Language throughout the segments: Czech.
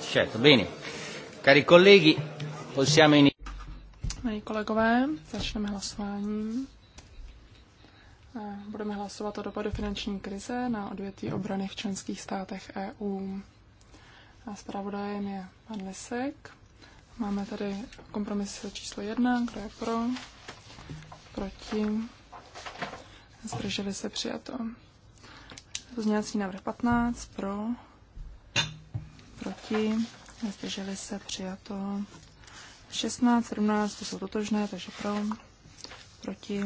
Certo, bene. Cari colleghi, possiamo iniziare. kolegové, začneme hlasování. Eh, budeme hlasovat o dopadu finanční krize na odvětví obrany v členských státech EU. A zpravodajem je pan Lisek. Máme tady kompromis číslo jedna, kdo je pro, proti, zdrželi se přijato. Pozměňovací návrh 15, pro, proti, zdrželi se, přijato. 16, 17, to jsou totožné, takže pro, proti,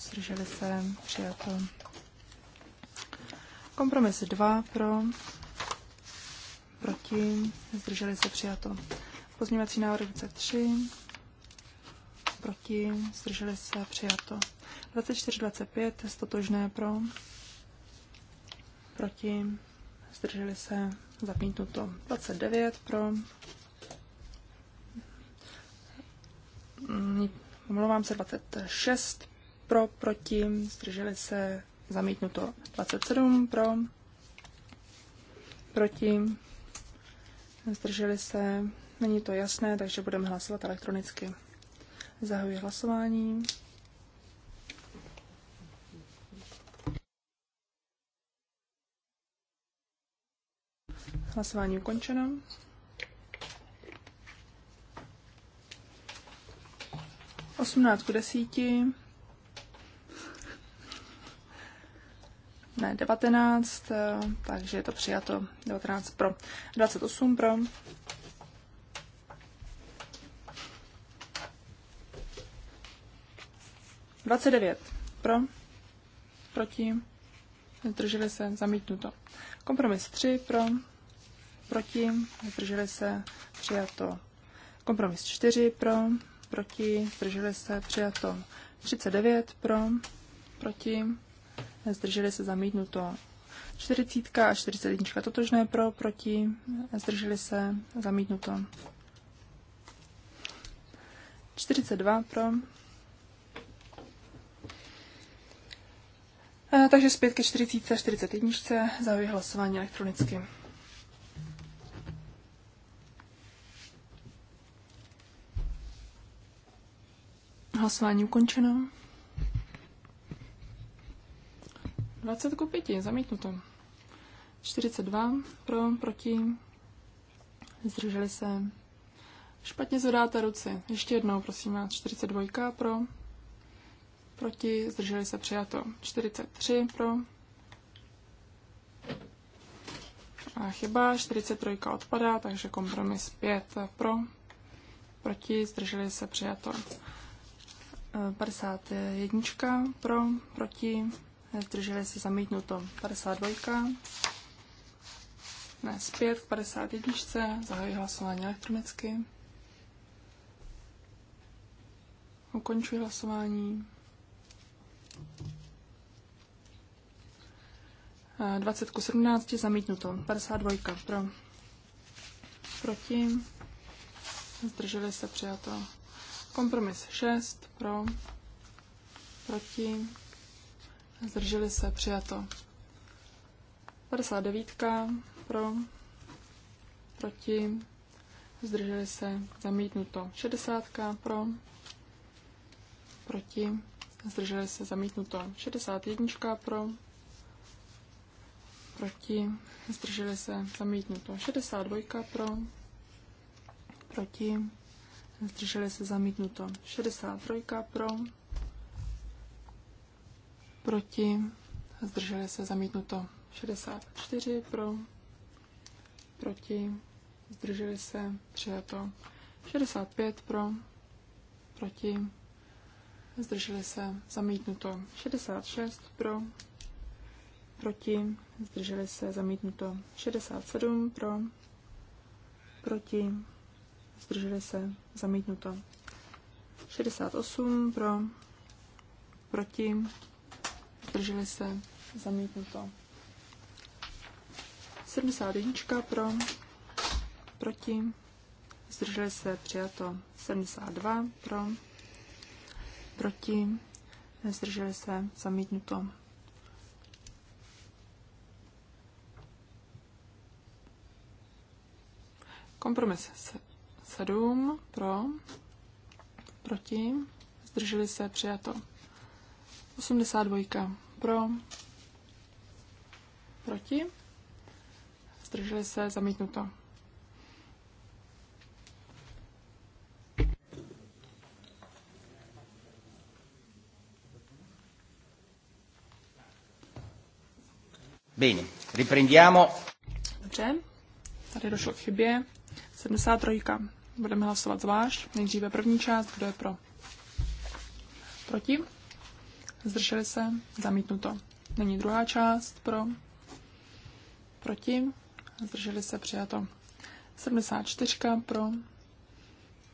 zdrželi se, přijato. Kompromis 2 pro, proti, zdrželi se, přijato. Pozměňovací návrh 23, proti, zdrželi se, přijato. 24, 25, totožné pro, proti, zdrželi se, to 29 pro. Omlouvám se 26 pro, proti, zdrželi se, Zamítnu to 27 pro, proti, zdrželi se, není to jasné, takže budeme hlasovat elektronicky. Zahajuji hlasování. Hlasování ukončeno. Osmnáct k desíti. Ne, 19, eh, takže je to přijato 19 pro. 28 pro. Dvacet devět pro, proti, zdrželi se, zamítnuto. Kompromis 3 pro, proti, zdrželi se, přijato. Kompromis 4 pro, proti, zdrželi se, přijato. 39 pro, proti, zdrželi se, zamítnuto. 40 a 41 totožné pro, proti, zdrželi se, zamítnuto. 42 pro. E, takže zpět ke 40 a 41 zahajuji hlasování elektronicky. Hlasování ukončeno. 20 ku 5, zamítnuto. 42 pro, proti, zdrželi se. Špatně zvedáte ruce. Ještě jednou, prosím vás. 42 pro, proti, zdrželi se přijato. 43 pro. A chyba, 43 odpadá, takže kompromis 5 pro, proti, zdrželi se přijato. 51 pro, proti, zdrželi se zamítnuto. 52, ne, zpět v 51, zahajuji hlasování elektronicky. Ukončuji hlasování. 20 ku 17 zamítnuto. 52 pro. Proti. Zdrželi se přijato. Kompromis 6 pro, proti, zdrželi se, přijato. 59 pro, proti, zdrželi se, zamítnuto. 60 pro, proti, zdrželi se, zamítnuto. 61 pro, proti, zdrželi se, zamítnuto. 62 pro, proti, zdrželi se zamítnuto. 63 pro, proti, zdrželi se zamítnuto. 64 pro, proti, zdrželi se přijato. 65 pro, proti, zdrželi se zamítnuto. 66 pro, proti, zdrželi se zamítnuto. 67 pro, proti, zdrželi se, zamítnuto. 68 pro, proti, zdrželi se, zamítnuto. 71 pro, proti, zdrželi se, přijato. 72 pro, proti, zdrželi se, zamítnuto. Kompromis 7 pro, proti, zdrželi se, přijato. 82 pro, proti, zdrželi se, zamítnuto. Bene, riprendiamo. Dobře, tady došlo k chybě. 73. Budeme hlasovat zvlášť. Nejdříve první část, kdo je pro. Proti. Zdrželi se. Zamítnuto. Není druhá část pro. Proti. Zdrželi se. Přijato. 74 pro.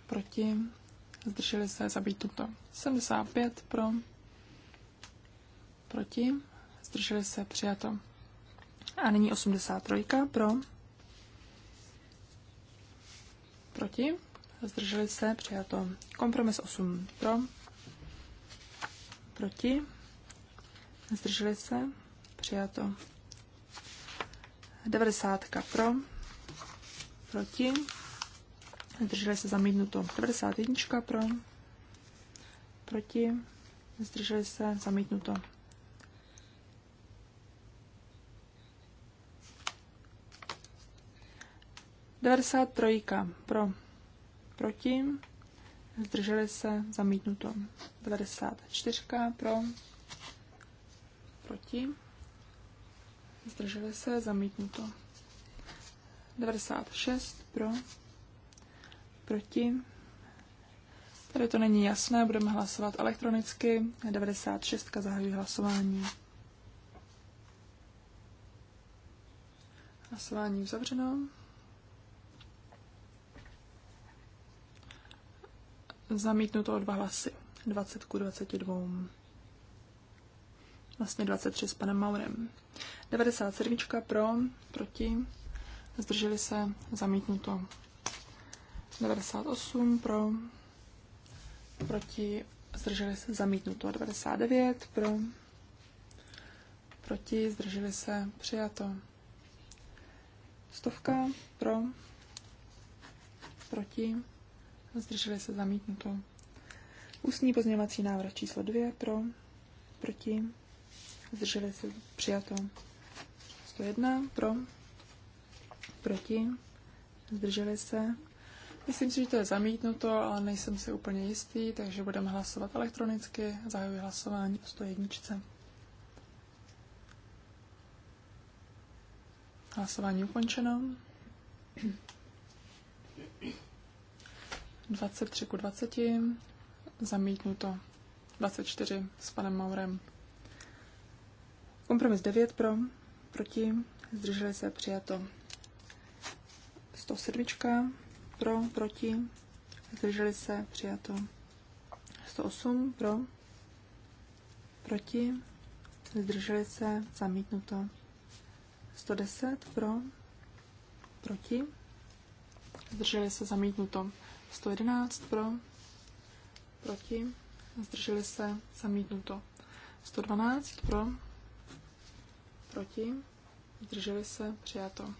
Proti. Zdrželi se. Zamítnuto. 75 pro. Proti. Zdrželi se. Přijato. A nyní 83 pro Proti? Zdrželi se? Přijato. Kompromis 8. Pro? Proti? Zdrželi se? Přijato. 90 pro? Proti? Zdrželi se zamítnuto. 91 pro? Proti? Zdrželi se zamítnuto. 93. Pro. Proti. Zdrželi se. Zamítnuto. 94. Pro. Proti. Zdrželi se. Zamítnuto. 96. Pro. Proti. Tady to není jasné, budeme hlasovat elektronicky. 96. Zahajuji hlasování. Hlasování uzavřeno. Zamítnuto o dva hlasy. 20 ku 22. Vlastně 23 s panem Maurem. 97 pro, proti, zdrželi se, zamítnuto. 98 pro, proti, zdrželi se, zamítnuto. 99 pro, proti, zdrželi se, přijato. Stovka pro, proti, zdrželi se zamítnuto. Ústní pozměňovací návrh číslo 2 pro, proti, zdrželi se přijato. 101 pro, proti, zdrželi se. Myslím si, že to je zamítnuto, ale nejsem si úplně jistý, takže budeme hlasovat elektronicky. Zahajuji hlasování o 101. Hlasování ukončeno. 23 ku 20, zamítnu to 24 s panem Maurem. Kompromis 9 pro, proti, zdrželi se, přijato 107 pro, proti, zdrželi se, přijato 108 pro, proti, zdrželi se, zamítnuto 110 pro, proti, zdrželi se, zamítnuto 111 pro, proti, zdrželi se, zamítnuto. 112 pro, proti, zdrželi se, přijato.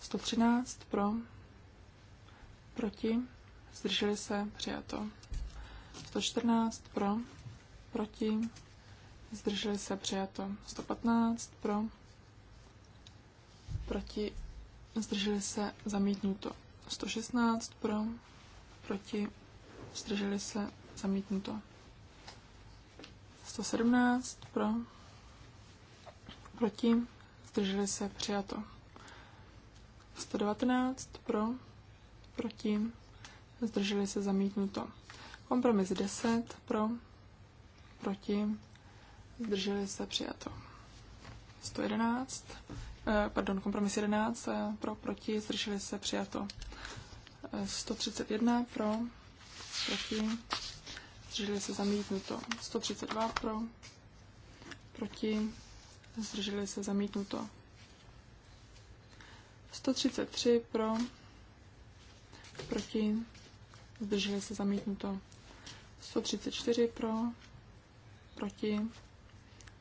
113 pro, proti, zdrželi se, přijato. 114 pro, proti, zdrželi se, přijato. 115 pro, proti, zdrželi se, zamítnuto. 116 pro, proti, zdrželi se, zamítnuto. 117 pro, proti, zdrželi se, přijato. 119 pro, proti, zdrželi se, zamítnuto. Kompromis 10 pro, proti, zdrželi se, přijato. 111, eh, pardon, kompromis 11 eh, pro, proti, zdrželi se, přijato. 131 pro, proti, zdrželi se zamítnuto. 132 pro, proti, zdrželi se zamítnuto. 133 pro, proti, zdrželi se zamítnuto. 134 pro, proti,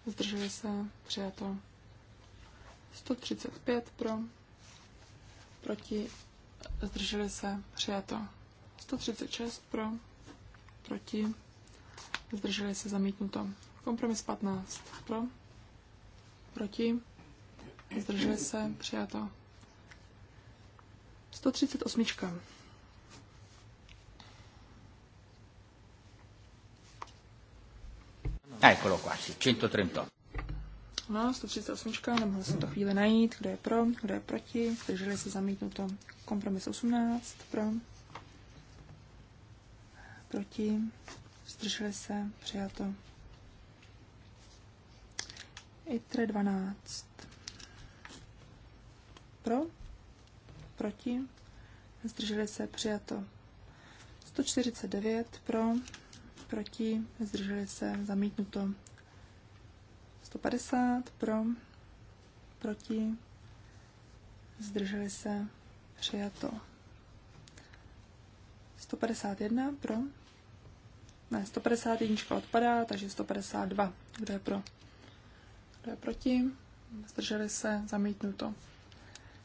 zdrželi se přijato. 135 pro, proti, zdrželi se, přijato. 136 pro, proti, zdrželi se, zamítnuto. Kompromis 15 pro, proti, zdrželi se, přijato. 138. Eccolo qua, sì, 138. 118, 138, Nemohla jsem to chvíli najít, kdo je pro, kdo je proti, zdrželi se zamítnuto. Kompromis 18, pro, proti, zdrželi se, přijato. ITRE 12, pro, proti, zdrželi se, přijato. 149, pro, proti, zdrželi se, zamítnuto. 150 pro, proti, zdrželi se, přijato. 151 pro, ne, 151 odpadá, takže 152. Kdo je pro? Kdo je proti? Zdrželi se, zamítnuto.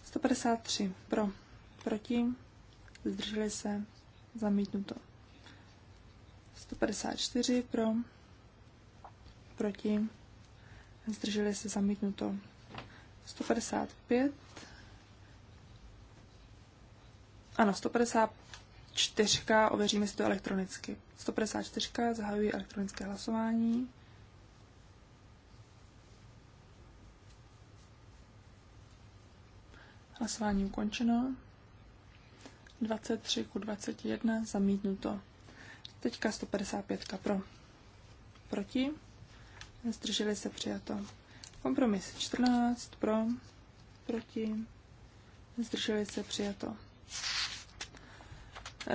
153 pro, proti, zdrželi se, zamítnuto. 154 pro, proti, zdrželi se zamítnuto. 155. Ano, 154. Ověříme si to elektronicky. 154. Zahajuji elektronické hlasování. Hlasování ukončeno. 23 ku 21 zamítnuto. Teďka 155 pro. Proti zdrželi se přijato. Kompromis 14 pro, proti, zdrželi se přijato.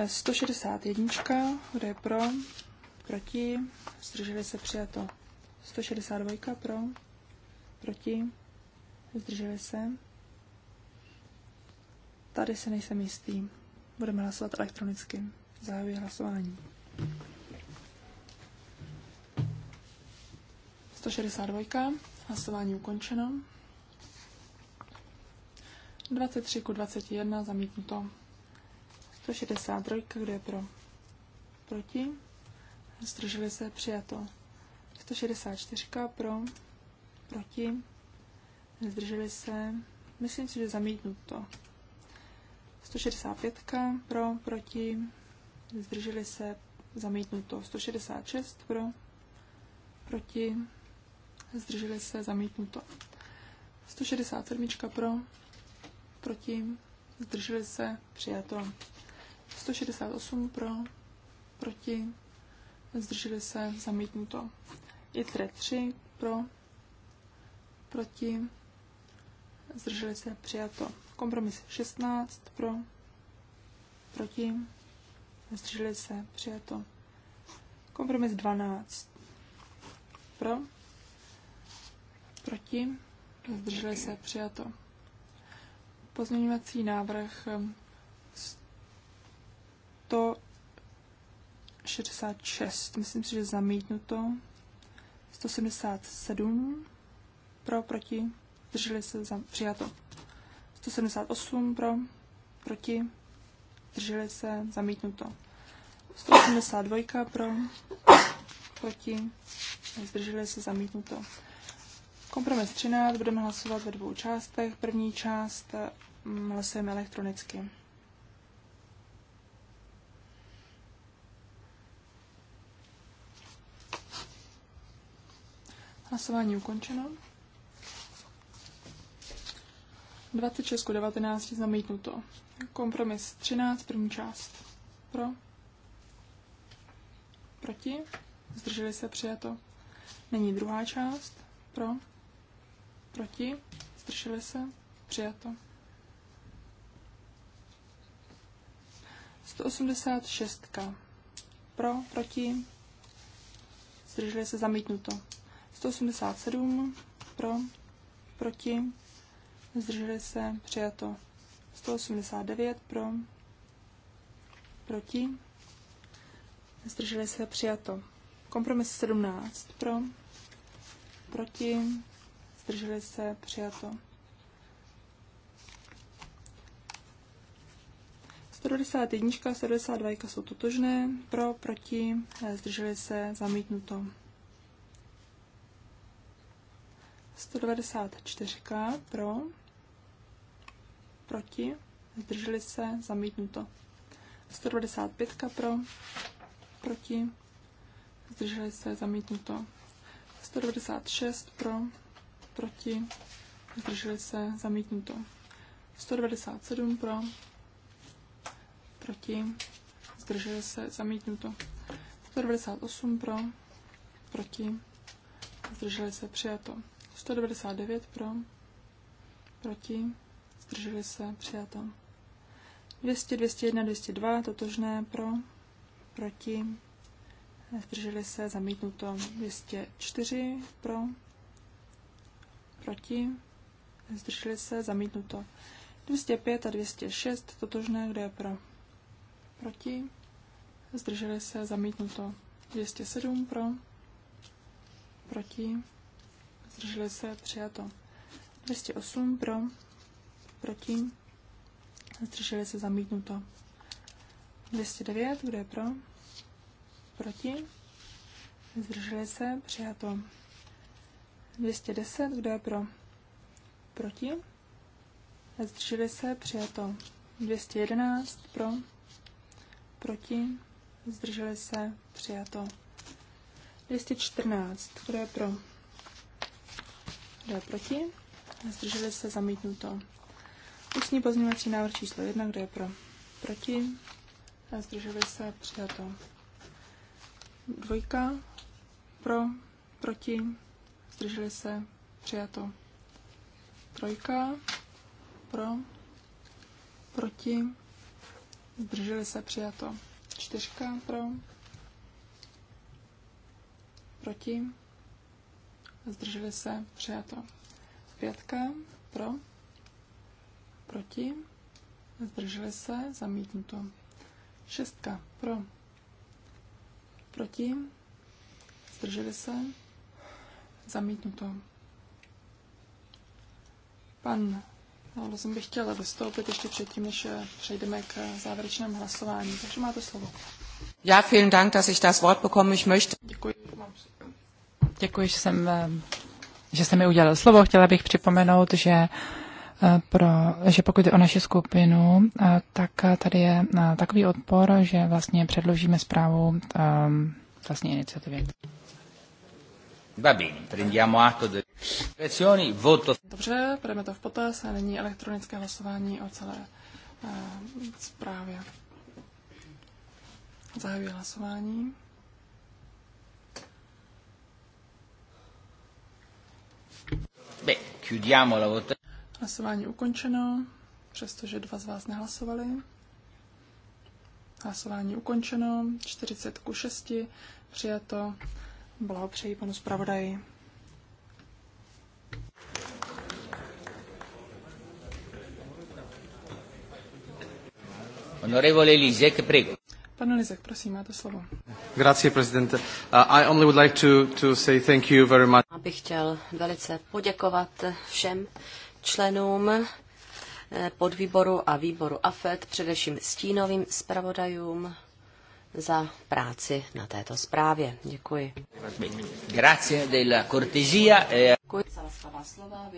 161, eh, kde je pro, proti, zdrželi se přijato. 162 pro, proti, zdrželi se. Tady se nejsem jistý. Budeme hlasovat elektronicky. Zahajuji hlasování. 162. Hlasování ukončeno. 23 ku 21 zamítnuto. 163. Kdo je pro? Proti? Zdrželi se přijato. 164. Pro? Proti? Zdrželi se. Myslím si, že zamítnuto. 165. Pro? Proti? Zdrželi se. Zamítnuto. 166. Pro? Proti? zdrželi se, zamítnuto. 167 pro, proti, zdrželi se, přijato. 168 pro, proti, zdrželi se, zamítnuto. ITRE 3 pro, proti, zdrželi se, přijato. Kompromis 16 pro, proti, zdrželi se, přijato. Kompromis 12 pro, Proti? Zdrželi se? Přijato. Pozměňovací návrh 166. Um, Myslím si, že zamítnuto. 177 pro, proti, zdrželi se, za, přijato. 178 pro, proti, zdrželi se, zamítnuto. 182 pro, proti, zdrželi se, zamítnuto. Kompromis 13 budeme hlasovat ve dvou částech. První část eh, hlasujeme elektronicky. Hlasování ukončeno. 26 k 19 zamítnuto. Kompromis 13, první část. Pro. Proti. Zdrželi se přijato. Není druhá část. Pro. Proti? Zdrželi se? Přijato. 186. Pro, proti, zdrželi se zamítnuto. 187 pro, proti, zdrželi se přijato. 189 pro, proti, zdrželi se přijato. Kompromis 17 pro, proti, zdrželi se, přijato. 191 a 72 jsou totožné, pro, proti, zdrželi se, zamítnuto. 194 pro, proti, zdrželi se, zamítnuto. 195 pro, proti, zdrželi se, zamítnuto. 196 pro, proti, zdrželi se, zamítnuto. 197 pro, proti, zdrželi se, zamítnuto. 198 pro, proti, zdrželi se, přijato. 199 pro, proti, zdrželi se, přijato. 200, 201, 202, totožné pro, proti, zdrželi se, zamítnuto. 204 pro, proti, zdrželi se, zamítnuto. 205 a 206, totožné, kdo je pro, proti, zdrželi se, zamítnuto. 207 pro, proti, zdrželi se, přijato. 208 pro, proti, zdrželi se, zamítnuto. 209, kdo je pro, proti, zdrželi se, přijato. 210, kdo je pro? Proti? Zdrželi se, přijato. 211 pro, proti, zdrželi se, přijato. 214, kdo je pro? Kdo je proti? Zdrželi se, zamítnuto. Ústní pozměňovací návrh číslo 1, kdo je pro? Proti, zdrželi se, přijato. Dvojka, pro, proti, zdrželi se, přijato. Trojka, pro, proti, zdrželi se, přijato. Čtyřka, pro, proti, zdrželi se, přijato. Pětka, pro, proti, zdrželi se, zamítnuto. Šestka, pro, proti, zdrželi se, Zamítnuto. Pan no, bych chtěla vystoupit ještě předtím, než eh, přejdeme k eh, závěrečnému hlasování. Takže máte slovo. Já vielen Dank, dass ich das Wort bekomme. Ich möchte... Děkuji. Děkuji, že jsem eh, že jste mi udělal slovo. Chtěla bych připomenout, že pro, že pokud je o naši skupinu, tak tady je takový odpor, že vlastně předložíme zprávu vlastně iniciativě. Va bene, prendiamo atto delle direzioni, voto. Dobře, bereme to v potaz a nyní elektronické hlasování o celé eh, zprávě. Zahajuji hlasování. Beh, chiudiamo la votazione. Hlasování ukončeno, přestože dva z vás nehlasovali. Hlasování ukončeno, 40 ku 6, přijato. Blahopřeji panu zpravodaji. Honorevole Lizek, prego. Pane Lizek, prosím, máte slovo. Grazie, prezidente. Uh, I only would like to, to say thank you very much. Abych chtěl velice poděkovat všem členům eh, podvýboru a výboru AFET, především stínovým zpravodajům, za práci na této zprávě. Děkuji. Grazie della cortesia. E Děkuji za laskavá slova.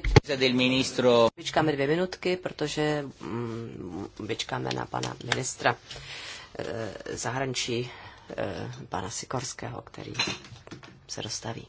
Vyčkáme dvě minutky, protože mm, vyčkáme na pana ministra eh, zahraničí, eh, pana Sikorského, který se dostaví.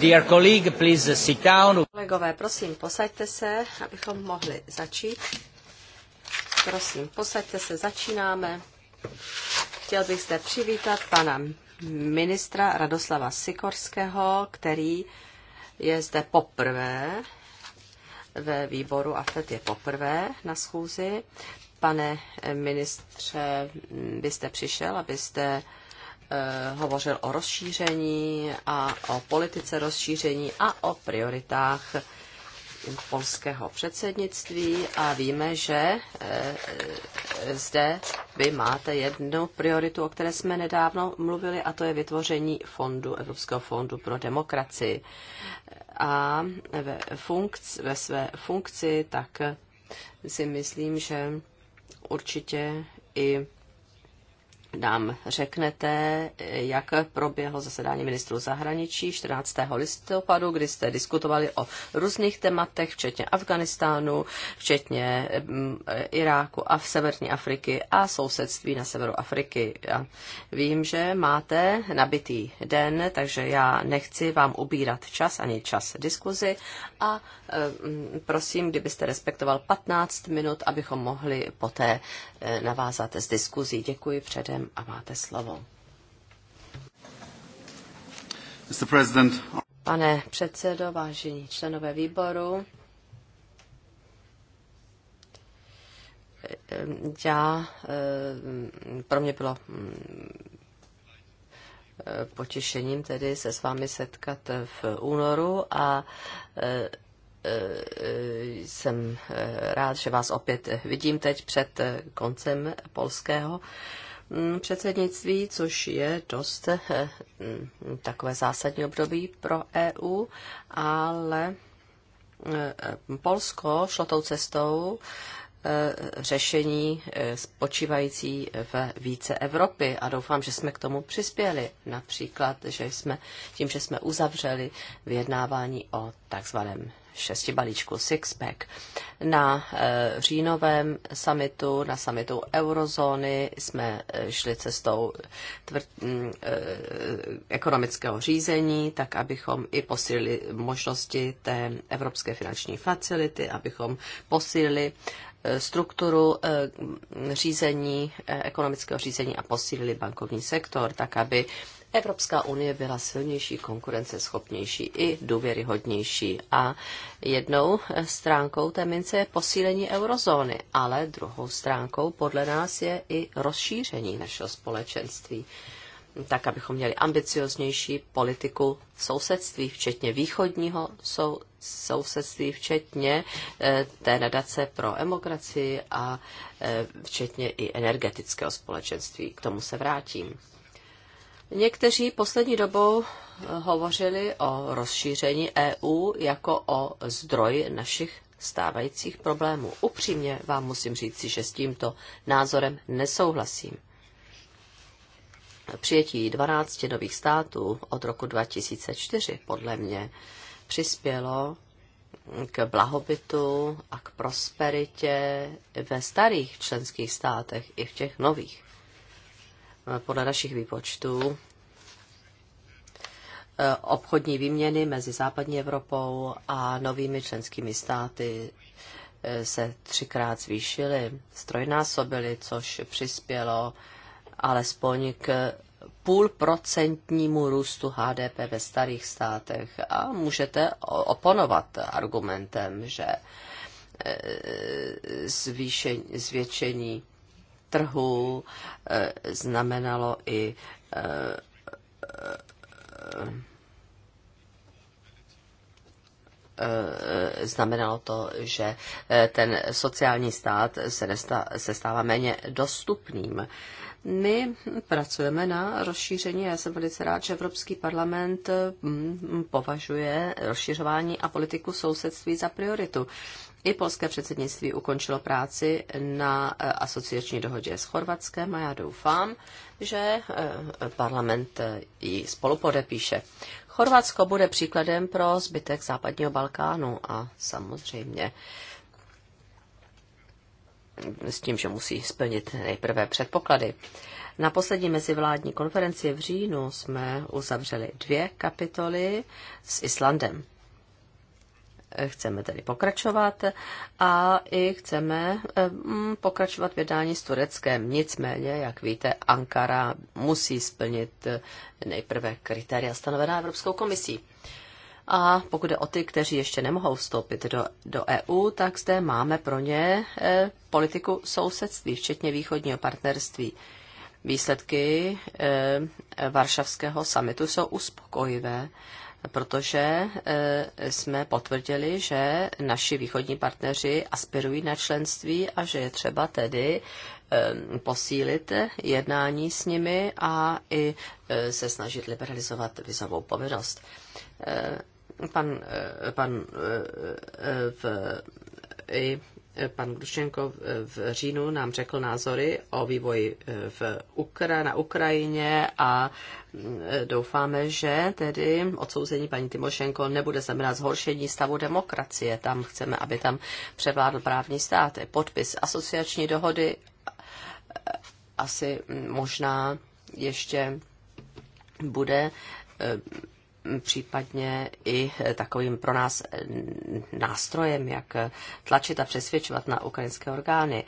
Dear colleague, please sit down. Kolegové, prosím, posaďte se, abychom mohli začít. Prosím, posaďte se, začínáme. Chtěl bych zde přivítat pana ministra Radoslava Sikorského, který je zde poprvé ve výboru a AFET je poprvé na schůzi. Pane ministře, byste přišel, abyste Eh, hovořil o rozšíření a o politice rozšíření a o prioritách polského předsednictví a víme, že eh, zde vy máte jednu prioritu, o které jsme nedávno mluvili, a to je vytvoření fondu, Evropského fondu pro demokracii. A ve, funkci, ve své funkci tak si myslím, že určitě i nám řeknete, jak proběhlo zasedání ministrů zahraničí 14. listopadu, kdy jste diskutovali o různých tématech, včetně Afganistánu, včetně mm, Iráku a v severní Afriky a sousedství na severu Afriky. Já vím, že máte nabitý den, takže já nechci vám ubírat čas ani čas diskuzi a mm, prosím, kdybyste respektoval 15 minut, abychom mohli poté eh, navázat s diskuzí. Děkuji předem zpravodajem a máte slovo. Pane předsedo, vážení členové výboru, já, eh, pro mě bylo mm, eh, potěšením tedy se s vámi setkat v únoru a eh, jsem rád, že vás opět vidím teď před koncem polského Mm, předsednictví, což je dost eh, mm, takové zásadní období pro EU, ale eh, Polsko šlo tou cestou eh, řešení spočívající v více Evropy a doufám, že jsme k tomu přispěli. Například, že jsme tím, že jsme uzavřeli vyjednávání o takzvaném šesti balíčku Sixpack. Na eh, říjnovém summitu, na summitu eurozóny jsme eh, šli cestou tvr- mm, eh, ekonomického řízení, tak abychom i posílili možnosti té evropské finanční facility, abychom posílili strukturu řízení, ekonomického řízení a posílili bankovní sektor, tak aby Evropská unie byla silnější, konkurenceschopnější i důvěryhodnější. A jednou stránkou té mince je posílení eurozóny, ale druhou stránkou podle nás je i rozšíření našeho společenství tak, abychom měli ambicioznější politiku sousedství, včetně východního sou, sousedství, včetně e, té nadace pro demokracii a e, včetně i energetického společenství. K tomu se vrátím. Někteří poslední dobou eh, hovořili o rozšíření EU jako o zdroj našich stávajících problémů. Upřímně vám musím říct, že s tímto názorem nesouhlasím. Přijetí 12 nových států od roku 2004 podle mě přispělo k blahobytu a k prosperitě ve starých členských státech i v těch nových podle našich výpočtů eh, obchodní výměny mezi západní Evropou a novými členskými státy eh, se třikrát zvýšily, strojnásobily, což přispělo alespoň k půlprocentnímu růstu HDP ve starých státech. A můžete oponovat argumentem, že eh, zvýšení, zvětšení trhu eh, znamenalo i eh, eh, znamenalo to, že ten sociální stát se, nestá, se stává méně dostupným. My pracujeme na rozšíření já jsem velice rád, že Evropský parlament hm, považuje rozšiřování a politiku sousedství za prioritu. I polské předsednictví ukončilo práci na eh, asociační dohodě s Chorvatskem a já doufám, že eh, parlament eh, ji spolupodepíše. Chorvatsko bude příkladem pro zbytek západního Balkánu a samozřejmě s tím, že musí splnit nejprve předpoklady. Na poslední mezivládní konferenci v říjnu jsme uzavřeli dvě kapitoly s Islandem chceme tedy pokračovat a i chceme eh, mm, pokračovat v jednání s Tureckem. Nicméně, jak víte, Ankara musí splnit eh, nejprve kritéria stanovená Evropskou komisí. A pokud je o ty, kteří ještě nemohou vstoupit do, do EU, tak zde máme pro ně eh, politiku sousedství, včetně východního partnerství. Výsledky Varšavského samitu jsou uspokojivé protože e, jsme potvrdili, že naši východní partneři aspirují na členství a že je třeba tedy e, posílit jednání s nimi a i e, se snažit liberalizovat vizovou povinnost. Pan, pan v, i Pan Grušenko v říjnu nám řekl názory o vývoji e, v Ukra- na Ukrajině a mm, doufáme, že tedy odsouzení paní Timošenko nebude znamenat zhoršení stavu demokracie. Tam chceme, aby tam převládl právní stát. Podpis asociační dohody e, asi možná ještě bude e, případně i takovým pro nás nástrojem, jak tlačit a přesvědčovat na ukrajinské orgány.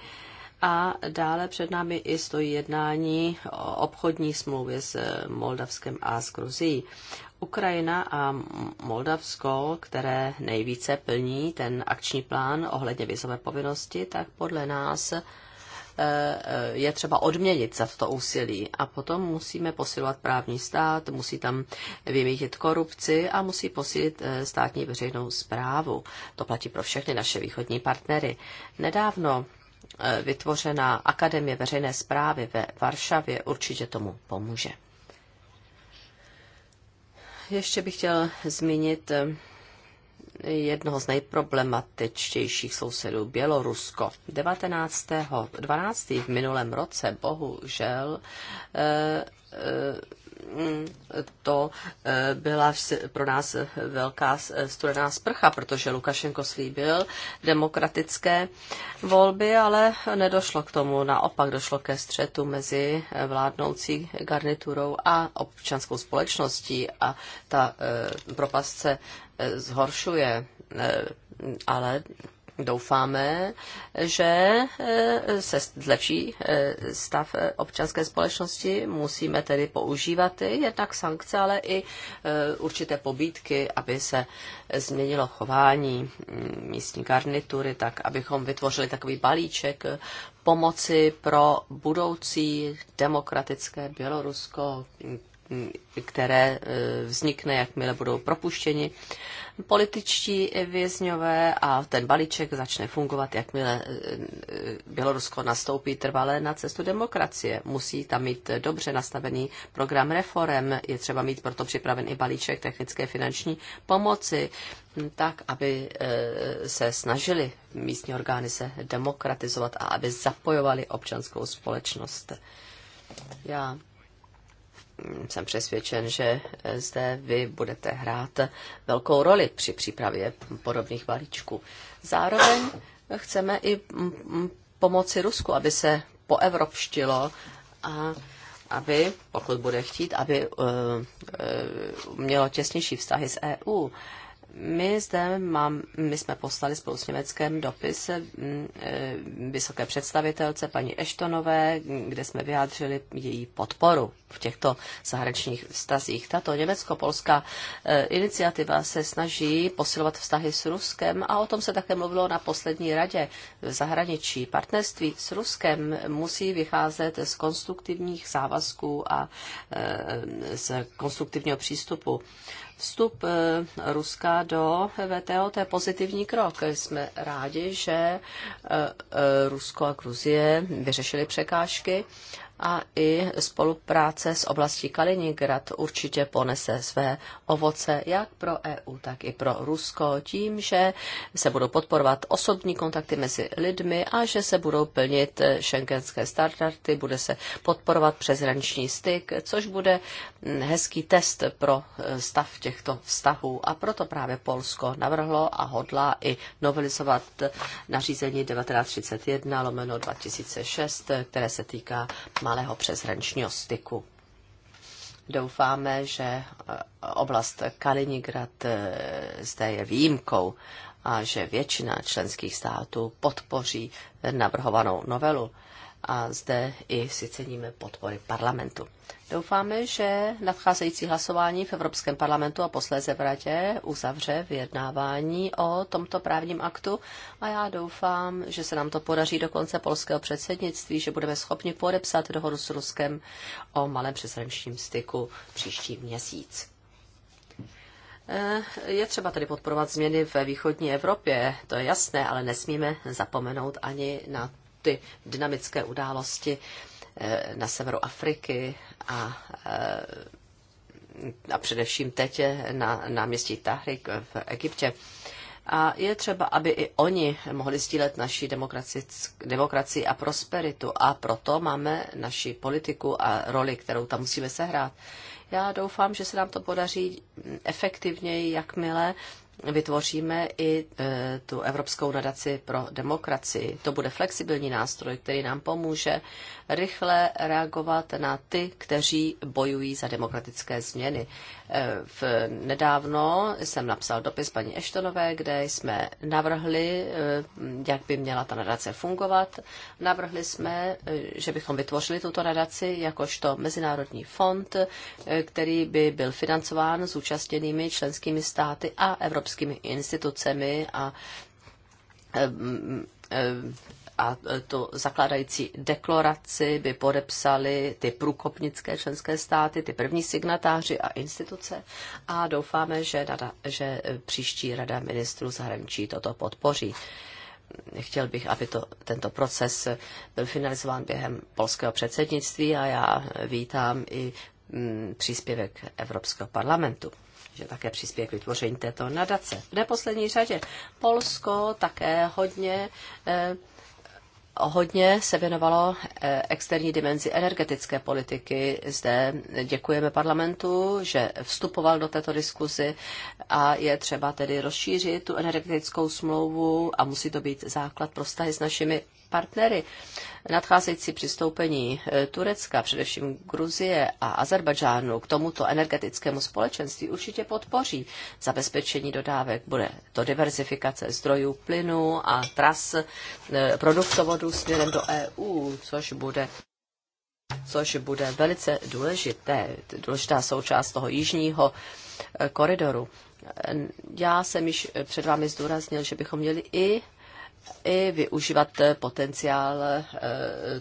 A dále před námi i stojí jednání o obchodní smlouvě s Moldavskem a s Gruzií. Ukrajina a Moldavsko, které nejvíce plní ten akční plán ohledně vizové povinnosti, tak podle nás Eh, eh, je třeba odměnit za to úsilí. A potom musíme posilovat právní stát, musí tam vymítit korupci a musí posílit eh, státní veřejnou zprávu. To platí pro všechny naše východní partnery. Nedávno vytvořená Akademie veřejné zprávy ve Varšavě určitě tomu pomůže. Ještě bych chtěl zmínit jednoho z nejproblematičtějších sousedů Bělorusko. 19.12. v minulém roce bohužel eh, eh, to eh, byla pro nás velká studená sprcha, protože Lukašenko slíbil demokratické volby, ale nedošlo k tomu. Naopak došlo ke střetu mezi vládnoucí garniturou a občanskou společností a ta eh, propast se eh, zhoršuje, ale doufáme, že eh, se zlepší eh, stav eh, občanské společnosti. Musíme tedy používat jednak sankce, ale i určité pobídky, aby se změnilo chování mm, místní garnitury, tak abychom vytvořili takový balíček pomoci pro budoucí demokratické Bělorusko, mm, mm, které vznikne, jakmile budou propuštěni političtí vězňové a ten balíček začne fungovat, jakmile eh, eh, Bělorusko nastoupí trvalé na cestu demokracie. Musí tam mít dobře nastavený program reform, je třeba mít proto připraven i balíček technické finanční pomoci, tak, aby eh, se snažili místní orgány se demokratizovat a aby zapojovali občanskou společnost. Já jsem přesvědčen, že zde vy budete hrát velkou roli při přípravě podobných balíčků. Zároveň chceme i mm, mm, pomoci Rusku, aby se poevropštilo a aby, pokud bude chtít, aby eh, eh, mělo těsnější vztahy s EU my zde mám, my jsme poslali spolu s Německem dopis eh, eh, vysoké představitelce paní Eštonové, kde jsme vyjádřili její podporu v těchto zahraničních vztazích. Tato německo-polská eh, iniciativa se snaží posilovat vztahy s Ruskem a o tom se také mluvilo na poslední radě v zahraničí. Partnerství s Ruskem musí vycházet z konstruktivních závazků a z konstruktivního přístupu. Vstup eh, Ruska do VTO, to je pozitivní krok. Jsme rádi, že eh, eh, Rusko a Gruzie vyřešili překážky a i spolupráce s oblastí Kaliningrad určitě ponese své ovoce jak pro EU, tak i pro Rusko tím, že se budou podporovat osobní kontakty mezi lidmi a že se budou plnit šengenské standardy, bude se podporovat přeshraniční styk, což bude hm, hezký test pro eh, stav těchto vztahů a proto právě Polsko navrhlo a hodlá i novelizovat nařízení 1931 lomeno 2006, které se týká malého přeshraničního styku. Doufáme, že eh, oblast Kaliningrad eh, zde je výjimkou a že většina členských států podpoří navrhovanou novelu. A zde i si ceníme podpory parlamentu. Doufáme, že nadcházející hlasování v Evropském parlamentu a posléze v Radě uzavře vyjednávání o tomto právním aktu a já doufám, že se nám to podaří do konce polského předsednictví, že budeme schopni podepsat dohodu s Ruskem o malém přeshraničním styku příští měsíc. Eh, je třeba tedy podporovat změny ve východní Evropě, to je jasné, ale nesmíme zapomenout ani na ty dynamické události Eh, na severu Afriky a, eh, a především teď na náměstí Tahrik v Egyptě. A je třeba, aby i oni mohli sdílet naši demokracii, demokracii a prosperitu. A proto máme naši politiku a roli, kterou tam musíme sehrát. Já doufám, že se nám to podaří efektivněji, jakmile vytvoříme i eh, tu Evropskou nadaci pro demokracii. To bude flexibilní nástroj, který nám pomůže, rychle reagovat na ty, kteří bojují za demokratické změny. Eh, v nedávno jsem napsal dopis paní Eštonové, kde jsme navrhli, eh, jak by měla ta nadace fungovat. Navrhli jsme, eh, že bychom vytvořili tuto nadaci jakožto mezinárodní fond, který by byl financován zúčastněnými členskými státy a evropskými institucemi a a to zakládající deklaraci by podepsali ty průkopnické členské státy, ty první signatáři a instituce a doufáme, že, rada, že příští rada ministrů zahraničí toto podpoří. Chtěl bych, aby to, tento proces byl finalizován během polského předsednictví a já vítám i m, mm, příspěvek Evropského parlamentu že také přispěje k vytvoření této nadace. V neposlední řadě Polsko také hodně eh, hodně se věnovalo eh, externí dimenzi energetické politiky. Zde děkujeme parlamentu, že vstupoval do této diskuzi a je třeba tedy rozšířit tu energetickou smlouvu a musí to být základ pro vztahy s našimi partnery. Nadcházející přistoupení eh, Turecka, především Gruzie a Azerbajdžánu k tomuto energetickému společenství určitě podpoří. Zabezpečení dodávek bude to diversifikace zdrojů plynu a tras eh, produktovodů směrem do EU, což bude což bude velice důležité, důležitá součást toho jižního eh, koridoru. Já jsem již před vámi zdůraznil, že bychom měli i i využívat potenciál eh,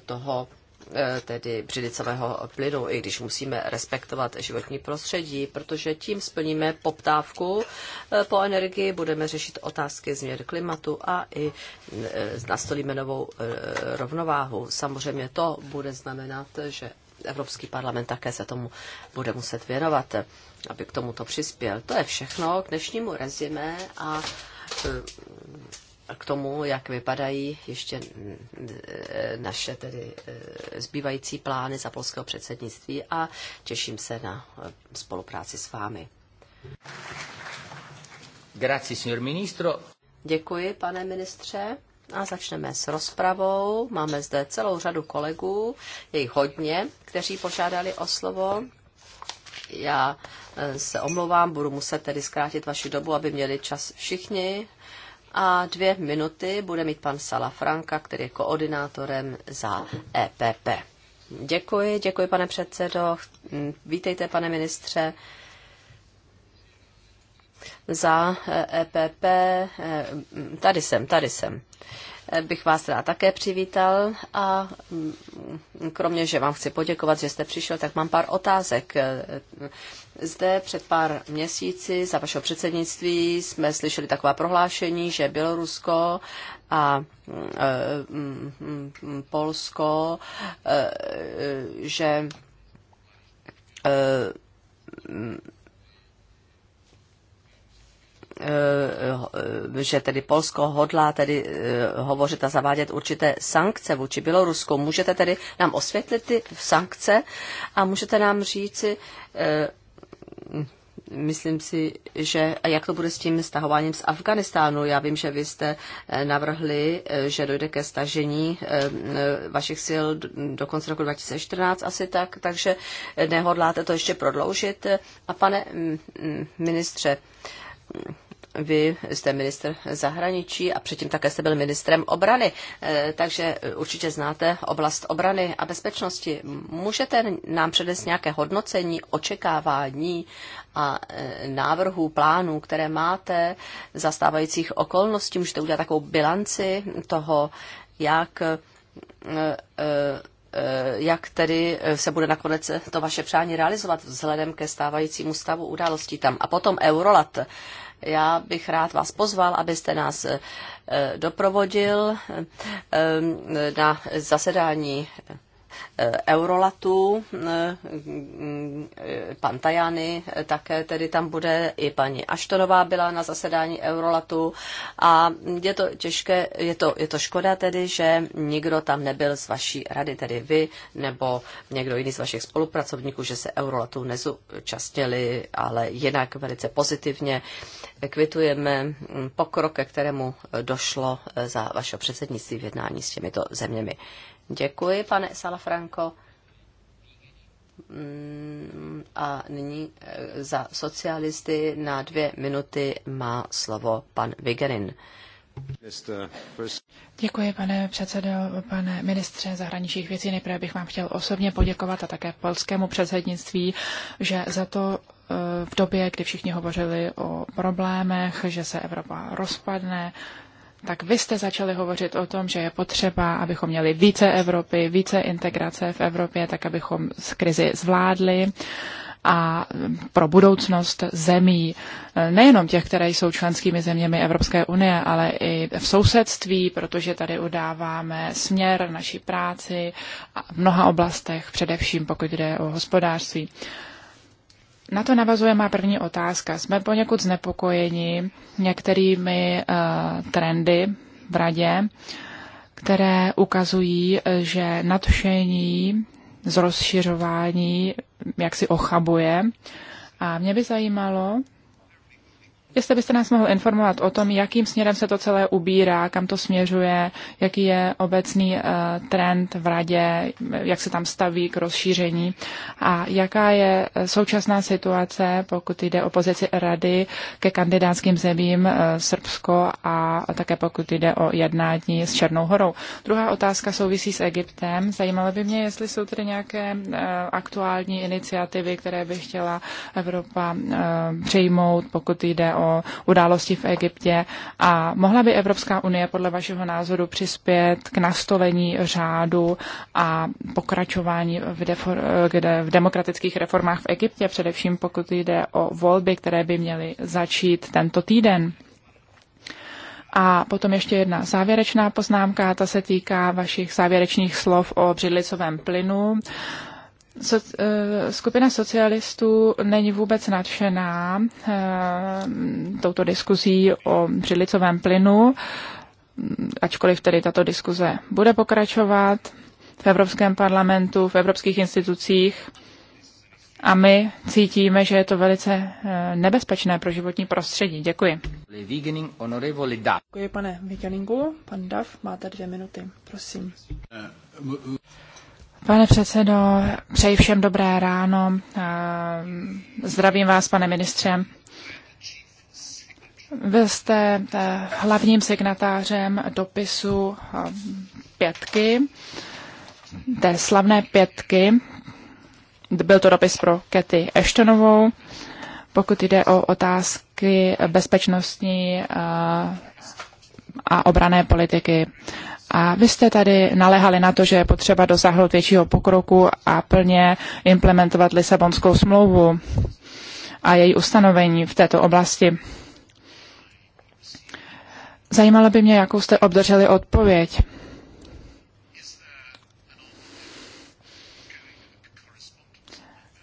toho eh, tedy břidicového plynu, i když musíme respektovat životní prostředí, protože tím splníme poptávku eh, po energii, budeme řešit otázky změn klimatu a i nastolíme novou rovnováhu. Samozřejmě to bude znamenat, že Evropský parlament také se tomu bude muset věnovat, aby k tomuto přispěl. To je všechno k dnešnímu rezime a k tomu, jak vypadají ještě mm, eh, naše tedy eh, zbývající plány za polského předsednictví a těším se na eh, spolupráci s vámi. Grazie, signor ministro. Děkuji, pane ministře. A začneme s rozpravou. Máme zde celou řadu kolegů, Jejich hodně, kteří požádali o slovo. Já se omlouvám, budu muset tedy zkrátit vaši dobu, aby měli čas všichni a dvě minuty bude mít pan Sala Franka, který je koordinátorem za EPP. Děkuji, děkuji pane předsedo. Vítejte, pane ministře. Za EPP, eh, tady jsem, tady jsem eh, bych vás rád také přivítal a mm, kromě, že vám chci poděkovat, že jste přišel, tak mám pár otázek eh, zde před pár měsíci za vašeho předsednictví jsme slyšeli taková prohlášení, že Bělorusko a mm, eh, mm, Polsko, eh, že eh, mm, že tedy Polsko hodlá tedy hovořit a zavádět určité sankce vůči Bělorusku. Můžete tedy nám osvětlit ty sankce a můžete nám říci, myslím si, že a jak to bude s tím stahováním z Afganistánu? Já vím, že vy jste eh, navrhli, eh, že dojde ke stažení eh, vašich sil do konce roku 2014 asi tak, takže nehodláte to ještě prodloužit. A pane mm, mm, ministře, vy jste minister zahraničí a předtím také jste byl ministrem obrany, eh, takže určitě znáte oblast obrany a bezpečnosti. Můžete nám předes nějaké hodnocení, očekávání a eh, návrhů, plánů, které máte za stávajících okolností? Můžete udělat takovou bilanci toho, jak eh, jak tedy se bude nakonec to vaše přání realizovat vzhledem ke stávajícímu stavu událostí tam. A potom Eurolat já bych rád vás pozval, abyste nás eh, doprovodil eh, na zasedání Eh, Eurolatu, eh, pan Tajany eh, také tedy tam bude, i paní Aštonová byla na zasedání Eurolatu a je to těžké, je to, je to škoda tedy, že nikdo tam nebyl z vaší rady, tedy vy nebo někdo jiný z vašich spolupracovníků, že se Eurolatu nezúčastnili, ale jinak velice pozitivně kvitujeme pokrok, ke kterému došlo za vašeho předsednictví v jednání s těmito zeměmi. Děkuji, pane Salafranco. Mm, a nyní eh, za socialisty na dvě minuty má slovo pan Vigerin. Děkuji, pane předsedo, pane ministře zahraničních věcí. Nejprve bych vám chtěl osobně poděkovat a také polskému předsednictví, že za to eh, v době, kdy všichni hovořili o problémech, že se Evropa rozpadne, tak vy jste začali hovořit o tom, že je potřeba, abychom měli více Evropy, více integrace v Evropě, tak abychom z krizi zvládli a mm, pro budoucnost zemí, e, nejenom těch, které jsou členskými zeměmi Evropské unie, ale i v sousedství, protože tady udáváme směr naší práci v mnoha oblastech, především pokud jde o hospodářství. Na to navazuje má první otázka. Jsme poněkud znepokojeni některými uh, trendy v radě, které ukazují, eh, že nadšení z rozšiřování jaksi ochabuje. A mě by zajímalo, jestli byste nás mohl informovat o tom, jakým směrem se to celé ubírá, kam to směřuje, jaký je obecný eh, trend v radě, jak se tam staví k rozšíření a jaká je eh, současná situace, pokud jde o pozici rady ke kandidátským zemím eh, Srbsko a také pokud jde o jednání s Černou horou. Druhá otázka souvisí s Egyptem. Zajímalo by mě, jestli jsou tedy nějaké aktuální iniciativy, které by chtěla Evropa přejmout, pokud jde o události v Egyptě a mohla by Evropská unie podle vašeho názoru přispět k nastolení řádu a pokračování v, defor, kde, v demokratických reformách v Egyptě, především pokud jde o volby, které by měly začít tento týden? A potom ještě jedna závěrečná poznámka, ta se týká vašich závěrečných slov o břidlicovém plynu. So, eh, skupina socialistů není vůbec nadšená eh, touto diskuzí o břidlicovém plynu, ačkoliv tedy tato diskuze bude pokračovat v Evropském parlamentu, v evropských institucích. A my cítíme, že je to velice eh, nebezpečné pro životní prostředí. Děkuji. Děkuji, pane Vigeningu. Pan Dav, máte dvě minuty, prosím. Pane předsedo, přeji všem dobré ráno. Eh, zdravím vás, pane ministře. Vy jste eh, hlavním signatářem dopisu eh, pětky, té slavné pětky. Byl to dopis pro Kety Eštonovou, pokud jde o otázky bezpečnostní a obrané politiky. A vy jste tady naléhali na to, že je potřeba dosáhnout většího pokroku a plně implementovat Lisabonskou smlouvu a její ustanovení v této oblasti. Zajímalo by mě, jakou jste obdrželi odpověď.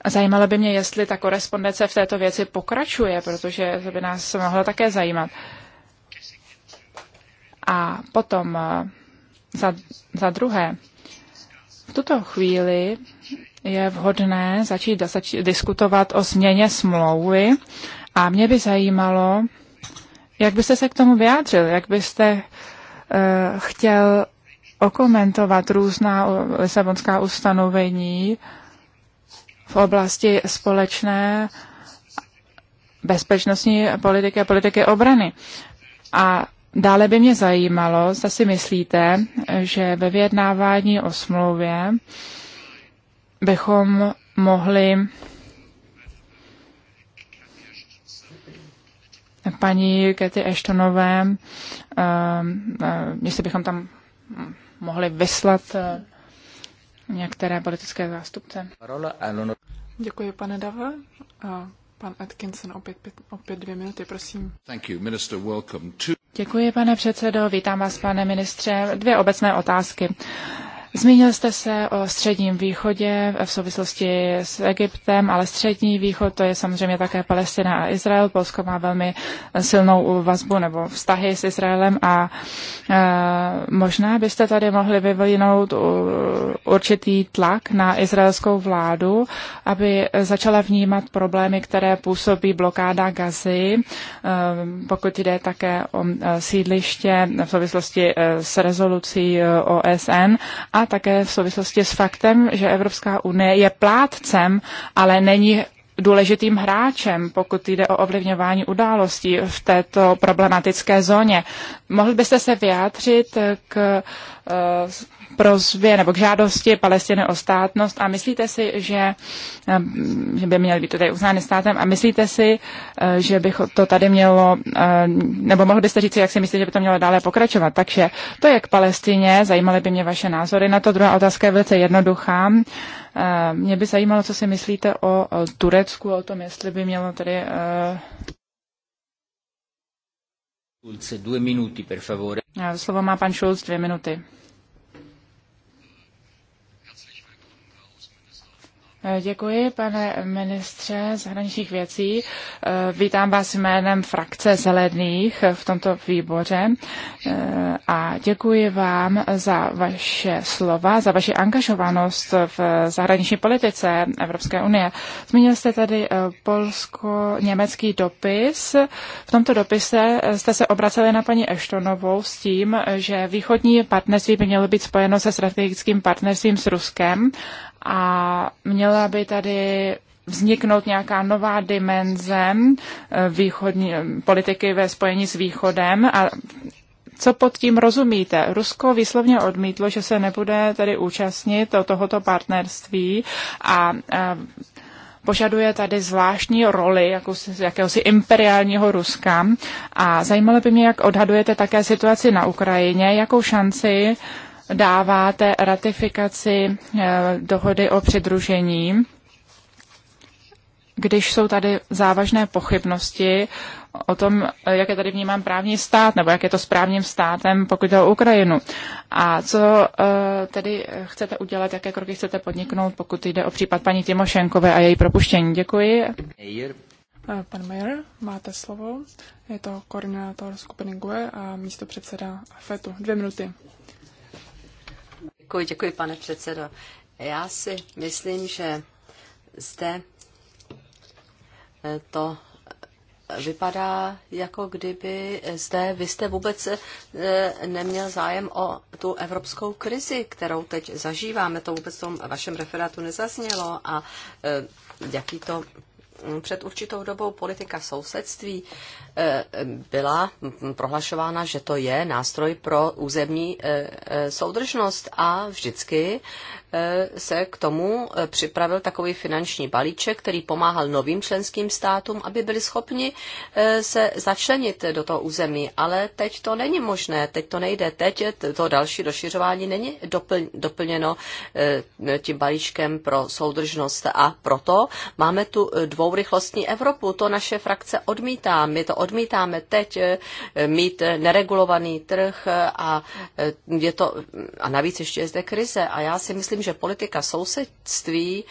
Zajímalo by mě, jestli ta korespondence v této věci pokračuje, protože to by nás mohlo také zajímat. A potom za, za druhé, v tuto chvíli je vhodné začít, začít diskutovat o změně smlouvy a mě by zajímalo, jak byste se k tomu vyjádřil, jak byste uh, chtěl okomentovat různá lisabonská ustanovení v oblasti společné bezpečnostní politiky a politiky obrany. A Dále by mě zajímalo, zda si myslíte, že ve vyjednávání o smlouvě bychom mohli paní Kety Eštonové, uh, eh, uh, eh, jestli bychom tam mohli vyslat uh, některé politické zástupce. Děkuji, pane Dava. pan Atkinson, opět, opět dvě minuty, prosím. Thank you, minister, welcome to... Děkuji, pane předsedo. Vítám vás, pane ministře. Dvě obecné otázky. Zmínil jste se o středním východě v souvislosti s Egyptem, ale střední východ to je samozřejmě také Palestina a Izrael. Polsko má velmi silnou vazbu nebo vztahy s Izraelem a e, možná byste tady mohli vyvinout určitý tlak na izraelskou vládu, aby začala vnímat problémy, které působí blokáda Gazy, e, pokud jde také o e, sídliště v souvislosti e, s rezolucí e, OSN a také v souvislosti s faktem, že Evropská unie je plátcem, ale není důležitým hráčem, pokud jde o ovlivňování událostí v této problematické zóně. Mohl byste se vyjádřit k eh, prozvě nebo k žádosti Palestiny o státnost a myslíte si, že, eh, že by měly být tady uznány státem a myslíte si, eh, že by to tady mělo, nebo mohl byste říct, jak si myslíte, že by to mělo dále pokračovat. Takže to je k Palestině, zajímaly by mě vaše názory na to. Druhá otázka je velice jednoduchá. Eh, mě by zajímalo, co si myslíte o Turecku, o tom, jestli by mělo tady. Eh, eh, slovo má pan Šulc, dvě minuty. Děkuji, pane ministře zahraničních věcí. Eh, vítám vás jménem frakce Zelených v tomto výboře eh, a děkuji vám za vaše slova, za vaši angažovanost v zahraniční politice Evropské unie. Zmínil jste tady eh, polsko-německý dopis. V tomto dopise jste se obraceli na paní Eštonovou s tím, že východní partnerství by mělo být spojeno se strategickým partnerstvím s Ruskem a měla by tady vzniknout nějaká nová dimenze eh, východní, eh, politiky ve spojení s východem a co pod tím rozumíte? Rusko výslovně odmítlo, že se nebude tedy účastnit tohoto partnerství a, a eh, požaduje tady zvláštní roli jako, jakéhosi imperiálního Ruska. A zajímalo by mě, jak odhadujete také situaci na Ukrajině, jakou šanci dáváte ratifikaci eh, dohody o přidružení, když jsou tady závažné pochybnosti o tom, eh, jak je tady vnímám právní stát, nebo jak je to s právním státem, pokud jde o Ukrajinu. A co eh, tedy chcete udělat, jaké kroky chcete podniknout, pokud jde o případ paní Timošenkové a její propuštění. Děkuji. Pan Mayer, máte slovo. Je to koordinátor skupiny GUE a místo předseda FETu. Dvě minuty. Děkuji, děkuji, pane předsedo. Já si myslím, že zde to vypadá, jako kdyby zde vy jste vůbec e, neměl zájem o tu evropskou krizi, kterou teď zažíváme. To vůbec v tom vašem referátu nezaznělo a e, jaký to před určitou dobou politika sousedství eh, byla prohlašována, že to je nástroj pro územní eh, eh, soudržnost a vždycky se k tomu připravil takový finanční balíček, který pomáhal novým členským státům, aby byli schopni se začlenit do toho území. Ale teď to není možné, teď to nejde, teď to další rozšiřování není doplněno tím balíčkem pro soudržnost a proto máme tu dvou dvourychlostní Evropu. To naše frakce odmítá. My to odmítáme teď eh, mít neregulovaný trh a eh, je to, a navíc ještě je zde krize. A já si myslím, že politika sousedství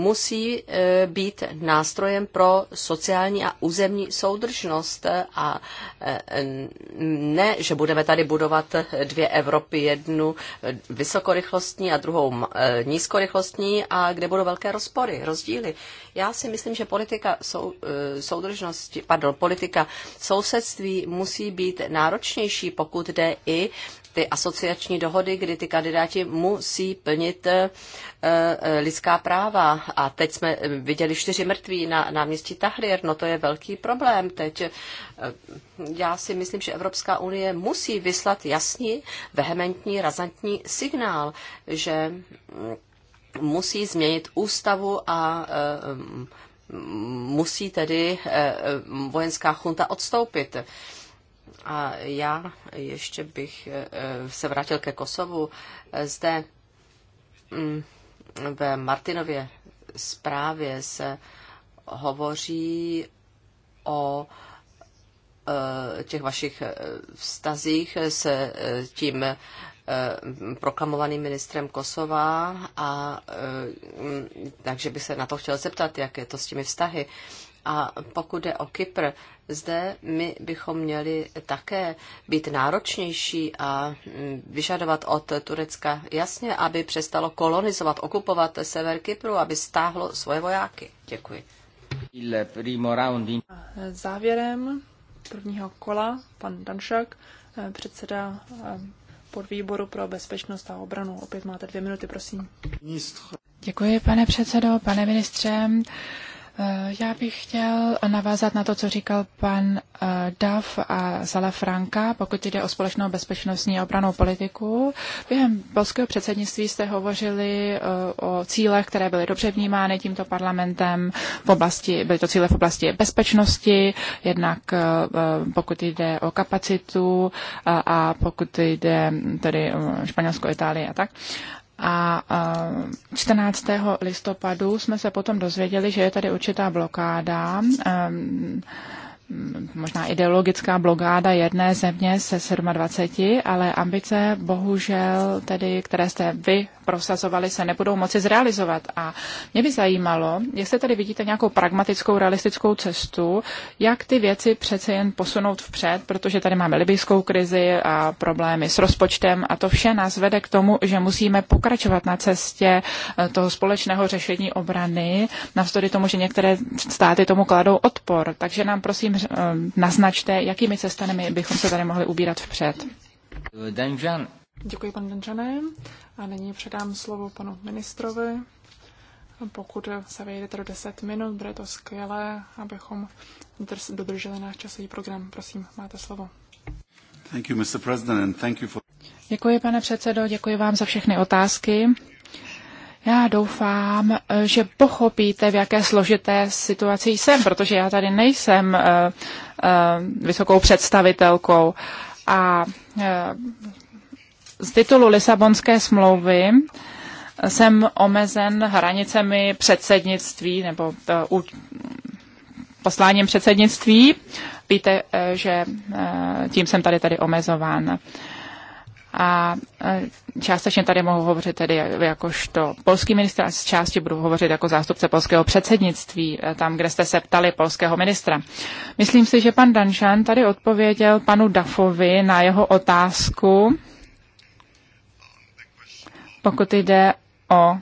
musí e, být nástrojem pro sociální a územní soudržnost a e, ne, že budeme tady budovat dvě Evropy, jednu e, vysokorychlostní a druhou nízkorychlostní a kde budou velké rozpory, rozdíly. Já si myslím, že politika sou, soudržnosti, pardon, politika sousedství musí být náročnější, pokud jde i ty asociační dohody, kdy ty kandidáti musí plnit eh, eh, lidská práva. A teď jsme eh, viděli čtyři mrtví na náměstí Tahrir, no to je velký problém. Teď já si myslím, že Evropská unie musí vyslat jasný, vehementní, razantní signál, že mm, musí změnit ústavu a mm, musí tedy vojenská chunta odstoupit. A já ještě bych eh, se vrátil ke Kosovu. Zde mm, v Martinově zprávě se hovoří o eh, těch vašich eh, vztazích s tím proklamovaným ministrem Kosova a mm, takže bych se na to chtěl zeptat, jak je to s těmi vztahy. A pokud jde o Kypr, zde my bychom měli také být náročnější a mm, vyžadovat od Turecka jasně, aby přestalo kolonizovat, okupovat sever Kypru, aby stáhlo svoje vojáky. Děkuji. Závěrem prvního kola pan Danšak, eh, předseda eh, podvýboru pro bezpečnost a obranu. Opět máte dvě minuty, prosím. Děkuji, pane předsedo, pane ministře. Eh, já bych chtěl navázat na to, co říkal pan eh, Dav a Franka, pokud jde o společnou bezpečnostní a obranou politiku. Během polského předsednictví jste hovořili eh, o cílech, které byly dobře vnímány tímto parlamentem v oblasti, byly to cíle v oblasti bezpečnosti, jednak pokud jde o kapacitu a pokud jde tedy Španělsko, Itálii a tak. A 14. listopadu jsme se potom dozvěděli, že je tady určitá blokáda ehm, možná ideologická blokáda jedné země se 27, ale ambice bohužel, tedy, které jste vy prosazovali, se nebudou moci zrealizovat. A mě by zajímalo, jestli tady vidíte nějakou pragmatickou, realistickou cestu, jak ty věci přece jen posunout vpřed, protože tady máme libijskou krizi a problémy s rozpočtem a to vše nás vede k tomu, že musíme pokračovat na cestě eh, toho společného řešení obrany, navzdory tomu, že některé státy tomu kladou odpor. Takže nám prosím Eh, naznačte, jakými cestami bychom se tady mohli ubírat vpřed. Děkuji, pan Denžané. A nyní předám slovo panu ministrovi. Pokud se vejdete do 10 minut, bude to skvělé, abychom dodrželi náš časový program. Prosím, máte slovo. Děkuji, pane předsedo, děkuji vám za všechny otázky. Já doufám, eh, že pochopíte, v jaké složité situaci jsem, protože já tady nejsem eh, eh, vysokou představitelkou. A z titulu Lisabonské smlouvy jsem omezen hranicemi předsednictví nebo posláním předsednictví. Víte, že tím jsem tady tady omezován a e, částečně tady mohu hovořit tedy jakožto polský ministr a z části budu hovořit jako zástupce polského předsednictví, e, tam, kde jste se ptali polského ministra. Myslím si, že pan Danšan tady odpověděl panu Dafovi na jeho otázku, pokud jde o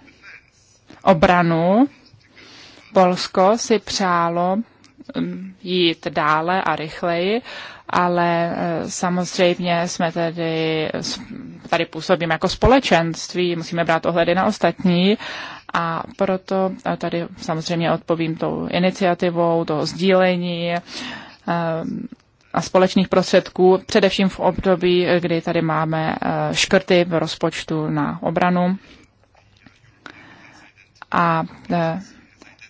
obranu. Polsko si přálo mm, jít dále a rychleji ale e, samozřejmě jsme tedy, tady působíme jako společenství, musíme brát ohledy na ostatní a proto tady samozřejmě odpovím tou iniciativou, toho sdílení e, a společných prostředků, především v období, kdy tady máme e, škrty v rozpočtu na obranu. A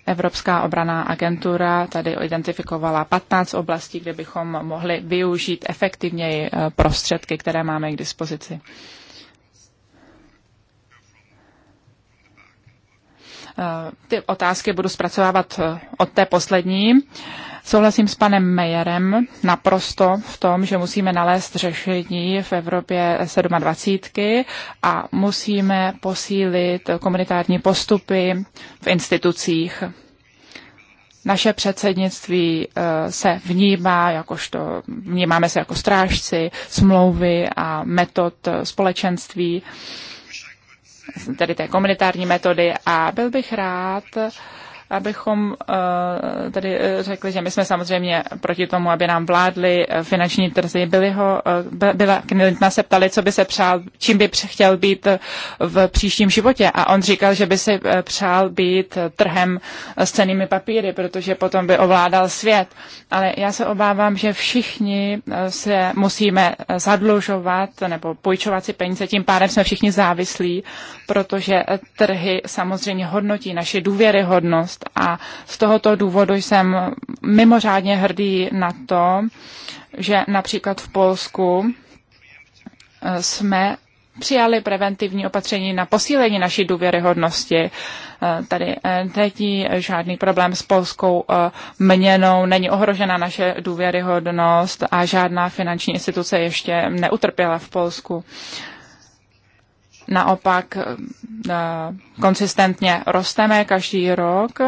Evropská obraná agentura tady identifikovala 15 oblastí, kde bychom mohli využít efektivněji eh, prostředky, které máme k dispozici. Eh, ty otázky budu zpracovávat eh, od té poslední. Souhlasím s panem Mejerem naprosto v tom, že musíme nalézt řešení v Evropě 27 a musíme posílit komunitární postupy v institucích. Naše předsednictví eh, se vnímá, jakožto, vnímáme se jako strážci smlouvy a metod eh, společenství, tedy té komunitární metody a byl bych rád, abychom eh, tedy eh, řekli, že my jsme samozřejmě proti tomu, aby nám vládly eh, finanční trzy. Byli ho, byla, Clintona se ptali, co by se přál, čím by chtěl být v příštím životě. A on říkal, že by si přál být trhem s cenými papíry, protože potom by ovládal svět. Ale já se obávám, že všichni se musíme zadlužovat nebo půjčovat si peníze, tím pádem jsme všichni závislí, protože trhy samozřejmě hodnotí naši důvěryhodnost oblast a z tohoto důvodu jsem mimořádně hrdý na to, že například v Polsku eh, jsme přijali preventivní opatření na posílení naší důvěryhodnosti. Eh, Tady není eh, žádný problém s polskou měnou, není ohrožena naše důvěryhodnost a žádná finanční instituce ještě neutrpěla v Polsku naopak eh, konsistentně rosteme každý rok.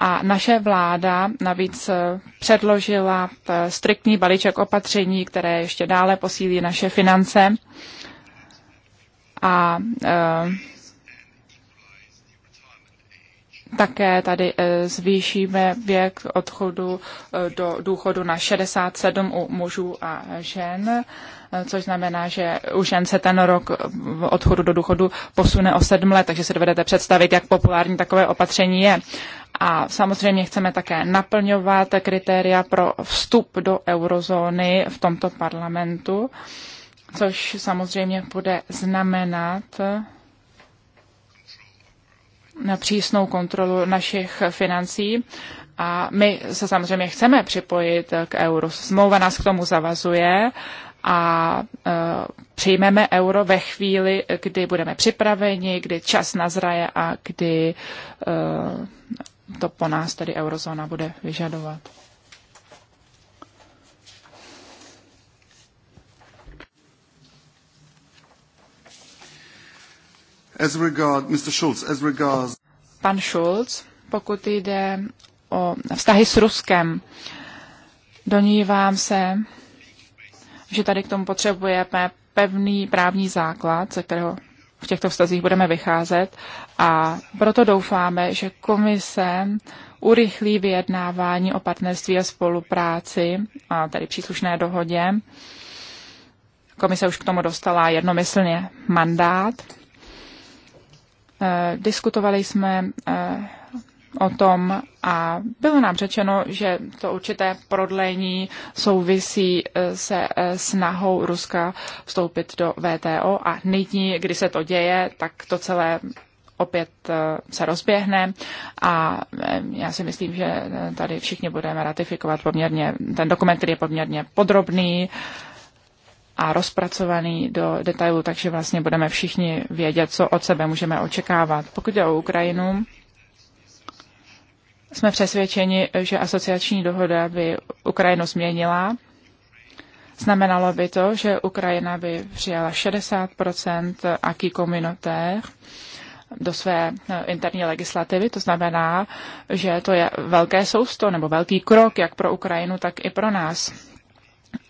A naše vláda navíc eh, předložila eh, striktní balíček opatření, které ještě dále posílí naše finance. A také tady zvýšíme věk odchodu do důchodu na 67 u mužů a žen. Eh, což znamená, že u žen se ten rok eh, odchodu do důchodu posune o sedm let, takže si dovedete představit, jak populární takové opatření je. A samozřejmě chceme také naplňovat kritéria pro vstup do eurozóny v tomto parlamentu, což samozřejmě bude znamenat eh, na přísnou kontrolu našich financí. A my se samozřejmě chceme připojit k euru. Smlouva nás k tomu zavazuje a e, přijmeme euro ve chvíli, kdy budeme připraveni, kdy čas nazraje a kdy e, to po nás tedy eurozóna bude vyžadovat. As regard, Mr. Schulz, as regards... Pan Schulz, pokud jde o vztahy s Ruskem, donívám se, že tady k tomu potřebujeme pevný právní základ, ze kterého v těchto vztazích budeme vycházet a proto doufáme, že komise urychlí vyjednávání o partnerství a spolupráci, a tady příslušné dohodě. Komise už k tomu dostala jednomyslně mandát. Eh, diskutovali jsme eh, o tom a bylo nám řečeno, že to určité prodlení souvisí eh, se eh, snahou Ruska vstoupit do VTO a nyní, kdy se to děje, tak to celé opět eh, se rozběhne a já si myslím, že tady všichni budeme ratifikovat poměrně ten dokument, který je poměrně podrobný a rozpracovaný do detailu, takže vlastně budeme všichni vědět, co od sebe můžeme očekávat. Pokud jde o Ukrajinu, jsme přesvědčeni, že asociační dohoda by Ukrajinu změnila. Znamenalo by to, že Ukrajina by přijala 60 aký communautaire do své eh, interní legislativy. To znamená, že to je velké sousto nebo velký krok jak pro Ukrajinu, tak i pro nás.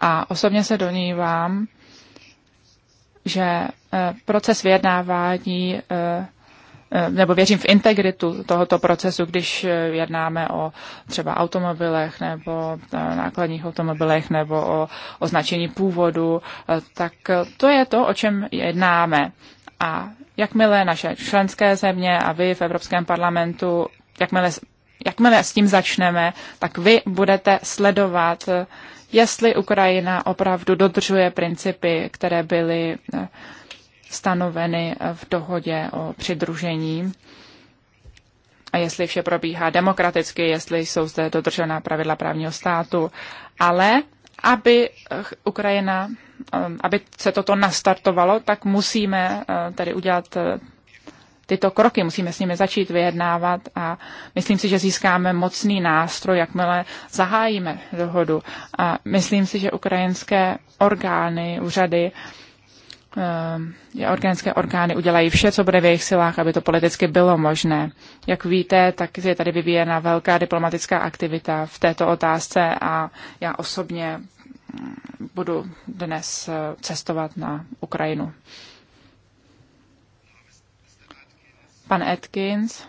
A osobně se donívám, že eh, proces vyjednávání eh, Eh, nebo věřím v integritu tohoto procesu, když eh, jednáme o třeba automobilech nebo eh, nákladních automobilech nebo o označení původu, tak to je to, o čem jednáme. A jakmile naše členské země a vy v Evropském parlamentu, jakmile, jakmile s tím začneme, tak vy budete sledovat, jestli Ukrajina opravdu dodržuje principy, které byly stanoveny v dohodě o přidružení a jestli vše probíhá demokraticky, jestli jsou zde dodržená pravidla právního státu, ale aby eh, Ukrajina, eh, aby se toto nastartovalo, tak musíme eh, tady udělat tyto kroky, musíme s nimi začít vyjednávat a myslím si, že získáme mocný nástroj, jakmile zahájíme dohodu. A myslím si, že ukrajinské orgány, úřady Eh, organické orgány udělají vše, co bude v jejich silách, aby to politicky bylo možné. Jak víte, tak je tady vyvíjena velká diplomatická aktivita v této otázce a já osobně mm, budu dnes eh, cestovat na Ukrajinu. Pan Atkins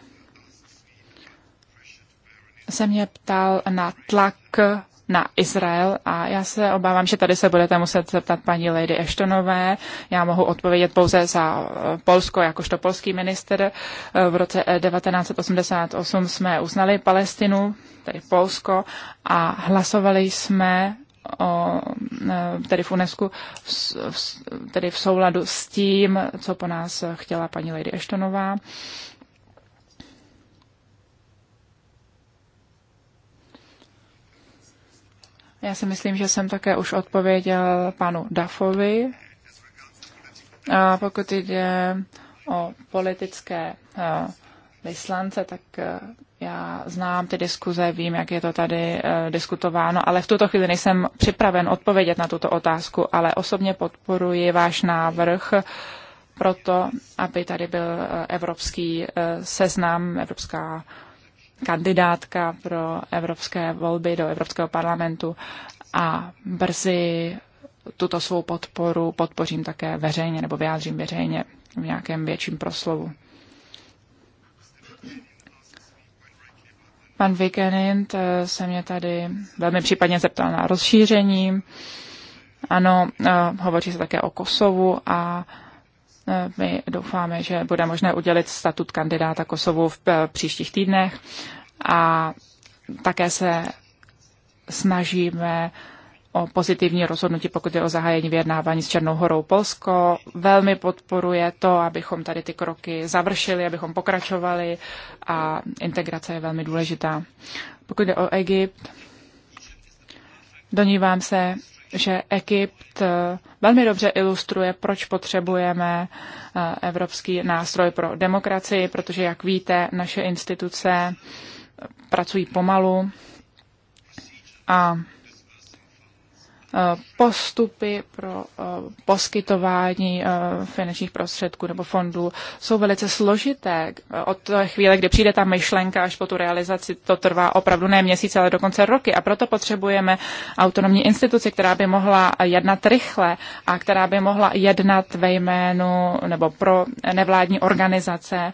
se mě ptal na tlak na Izrael a já se obávám, že tady se budete muset zeptat paní Lady Eštonové. Já mohu odpovědět pouze za eh, Polsko, jakožto polský minister. Eh, v roce 1988 eh, jsme uznali Palestinu, tedy Polsko, a hlasovali jsme o, tedy v UNESCO, tedy v souladu s tím, co po nás chtěla paní Lady Eštonová. Já si myslím, že jsem také už odpověděl panu Dafovi. A pokud jde o politické eh, vyslance, tak eh, já znám ty diskuze, vím, jak je to tady eh, diskutováno, ale v tuto chvíli nejsem připraven odpovědět na tuto otázku, ale osobně podporuji váš návrh proto, aby tady byl evropský seznam, evropská kandidátka pro evropské volby do Evropského parlamentu a brzy tuto svou podporu podpořím také veřejně nebo vyjádřím veřejně v nějakém větším proslovu. Pan Vikenint se mě tady velmi případně zeptal na rozšíření. Ano, eh, hovoří se také o Kosovu a E, my doufáme, že bude možné udělit statut kandidáta Kosovu v e, příštích týdnech a také se snažíme o pozitivní rozhodnutí, pokud je o zahájení vyjednávání s Černou horou. Polsko velmi podporuje to, abychom tady ty kroky završili, abychom pokračovali a integrace je velmi důležitá. Pokud jde o Egypt, donívám se, že Egypt eh, velmi dobře ilustruje, proč potřebujeme eh, evropský nástroj pro demokracii, protože, jak víte, naše instituce eh, pracují pomalu a Eh, postupy pro eh, poskytování eh, finančních prostředků nebo fondů jsou velice složité. Od té chvíle, kdy přijde ta myšlenka až po tu realizaci, to trvá opravdu ne měsíce, ale dokonce roky. A proto potřebujeme autonomní instituci, která by mohla jednat rychle a která by mohla jednat ve jménu nebo pro nevládní organizace,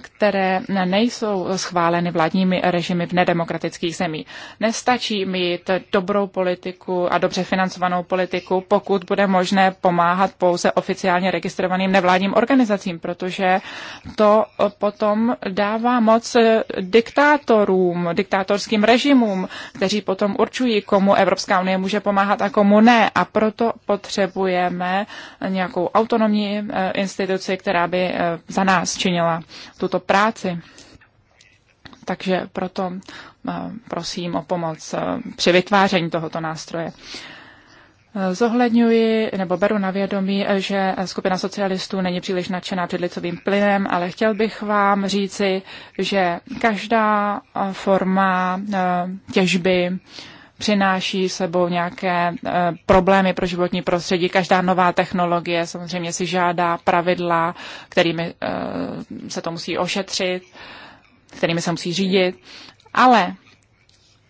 které nejsou schváleny vládními režimy v nedemokratických zemích. Nestačí mít dobrou politiku a dobře dobře financovanou politiku, pokud bude možné pomáhat pouze oficiálně registrovaným nevládním organizacím, protože to potom dává moc diktátorům, diktátorským režimům, kteří potom určují, komu Evropská unie může pomáhat a komu ne. A proto potřebujeme nějakou autonomní eh, instituci, která by eh, za nás činila tuto práci. Takže proto prosím o pomoc e, při vytváření tohoto nástroje. E, zohledňuji nebo beru na vědomí, e, že skupina socialistů není příliš nadšená předlicovým plynem, ale chtěl bych vám říci, že každá forma těžby přináší sebou nějaké problémy pro životní prostředí. Každá nová technologie samozřejmě si žádá pravidla, kterými se to musí ošetřit, kterými se musí řídit. Ale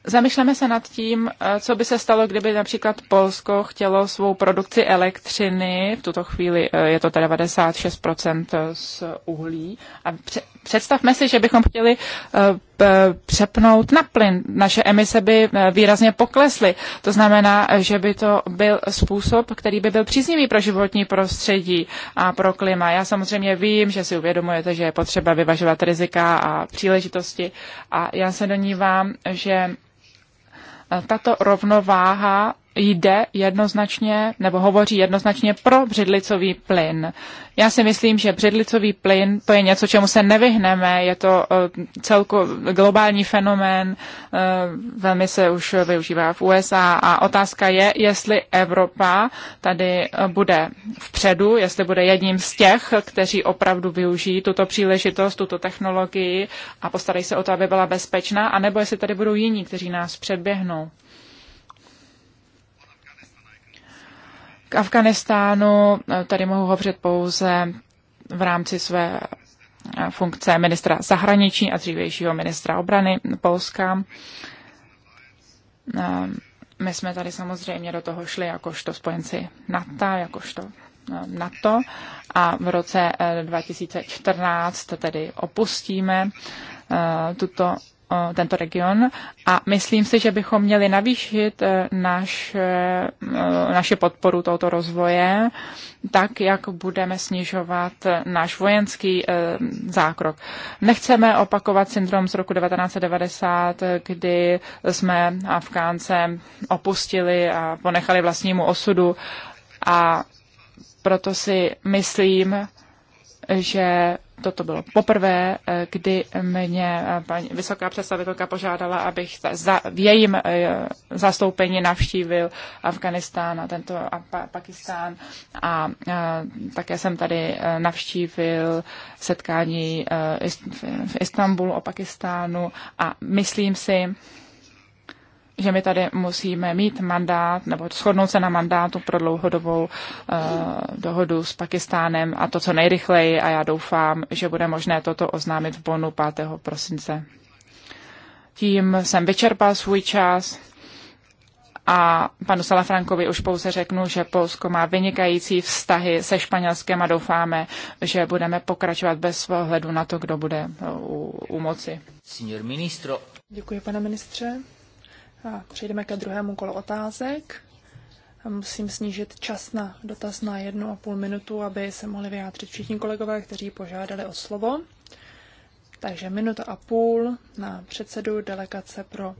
zamišleme se nad tím, eh, co by se stalo, kdyby například Polsko chtělo svou produkci elektřiny, v tuto chvíli eh, je to 96% z uhlí, a Představme si, že bychom chtěli eh, přepnout na plyn. Naše emise by eh, výrazně poklesly. To znamená, eh, že by to byl způsob, který by byl příznivý pro životní prostředí a pro klima. Já samozřejmě vím, že si uvědomujete, že je potřeba vyvažovat rizika a příležitosti a já se donívám, že tato rovnováha jde jednoznačně, nebo hovoří jednoznačně pro břidlicový plyn. Já si myslím, že břidlicový plyn to je něco, čemu se nevyhneme, je to eh, celko globální fenomén, eh, velmi se už využívá v USA a otázka je, jestli Evropa tady eh, bude vpředu, jestli bude jedním z těch, kteří opravdu využijí tuto příležitost, tuto technologii a postarají se o to, aby byla bezpečná, anebo jestli tady budou jiní, kteří nás předběhnou. K Afganistánu eh, tady mohu hovořit pouze v rámci své eh, funkce ministra zahraničí a dřívějšího ministra obrany Polska. Eh, my jsme tady samozřejmě do toho šli jakožto spojenci NATO, jakožto NATO a v roce 2014 tedy opustíme tuto tento region a myslím si, že bychom měli navýšit e, naš, e, e, naše podporu tohoto rozvoje, tak jak budeme snižovat náš vojenský zákrok. Nechceme opakovat syndrom z roku 1990, kdy jsme Afgánce opustili a ponechali vlastnímu osudu a proto si myslím, že toto bylo poprvé, eh, kdy mě eh, paní vysoká představitelka požádala, abych za, v jejím eh, zastoupení navštívil Afganistán a tento a pa, Pakistán a, a také jsem tady navštívil setkání v Istanbulu o Pakistánu a myslím si, že my tady musíme mít mandát nebo shodnout se na mandátu pro dlouhodobou uh, dohodu s Pakistánem a to co nejrychleji a já doufám, že bude možné toto oznámit v Bonu 5. prosince. Tím jsem vyčerpal svůj čas a panu Salafrankovi už pouze řeknu, že Polsko má vynikající vztahy se Španělskem a doufáme, že budeme pokračovat bez ohledu na to, kdo bude u, u moci. Děkuji, pane ministře. A přejdeme ke druhému kolu otázek. Musím snížit čas na dotaz na jednu a půl minutu, aby se mohli vyjádřit všichni kolegové, kteří požádali o slovo. Takže minuta a půl na předsedu delegace pro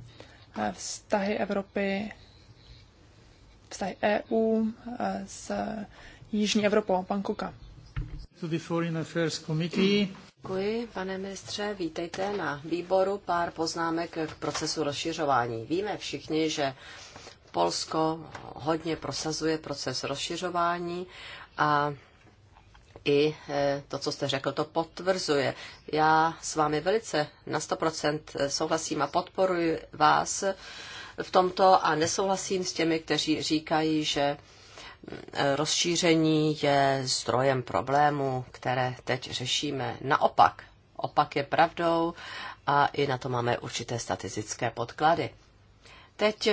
eh, vztahy Evropy, vztahy EU eh, s Jižní Evropou, pan Kuka. To the Foreign Affairs Committee. Děkuji, pane ministře. Vítejte na výboru. Pár poznámek k procesu rozšiřování. Víme všichni, že Polsko hodně prosazuje proces rozšiřování a i e, to, co jste řekl, to potvrzuje. Já s vámi velice na 100% souhlasím a podporuji vás v tomto a nesouhlasím s těmi, kteří říkají, že rozšíření je zdrojem problémů, které teď řešíme. Naopak, opak je pravdou a i na to máme určité statistické podklady. Teď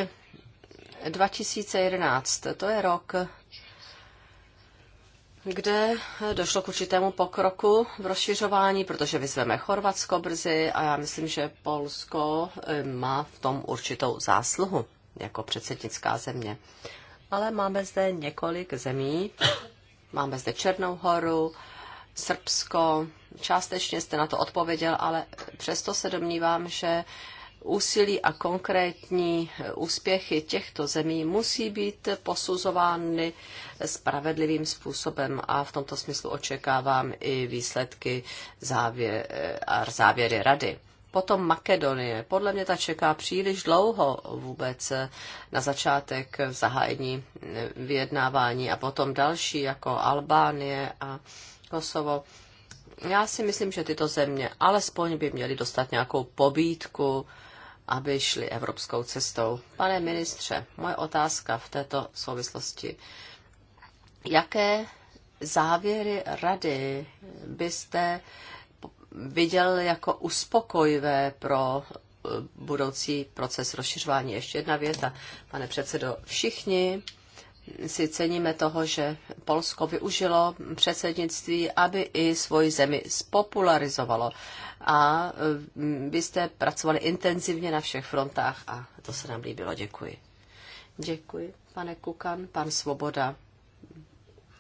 2011, to je rok, kde došlo k určitému pokroku v rozšiřování, protože vyzveme Chorvatsko brzy a já myslím, že Polsko eh, má v tom určitou zásluhu jako předsednická země ale máme zde několik zemí. Máme zde Černou horu, Srbsko, částečně jste na to odpověděl, ale přesto se domnívám, že úsilí a konkrétní úspěchy těchto zemí musí být posuzovány spravedlivým způsobem a v tomto smyslu očekávám i výsledky závě- a závěry rady. Potom Makedonie. Podle mě ta čeká příliš dlouho vůbec na začátek zahájení eh, vyjednávání a potom další jako Albánie a Kosovo. Já si myslím, že tyto země alespoň by měly dostat nějakou pobídku, aby šli evropskou cestou. Pane ministře, moje otázka v této souvislosti. Jaké závěry rady byste viděl jako uspokojivé pro eh, budoucí proces rozšiřování. Ještě jedna věta, pane předsedo. Všichni si ceníme toho, že Polsko využilo předsednictví, aby i svoji zemi spopularizovalo. A eh, vy jste pracovali intenzivně na všech frontách a to se nám líbilo. Děkuji. Děkuji, pane Kukan, pan Svoboda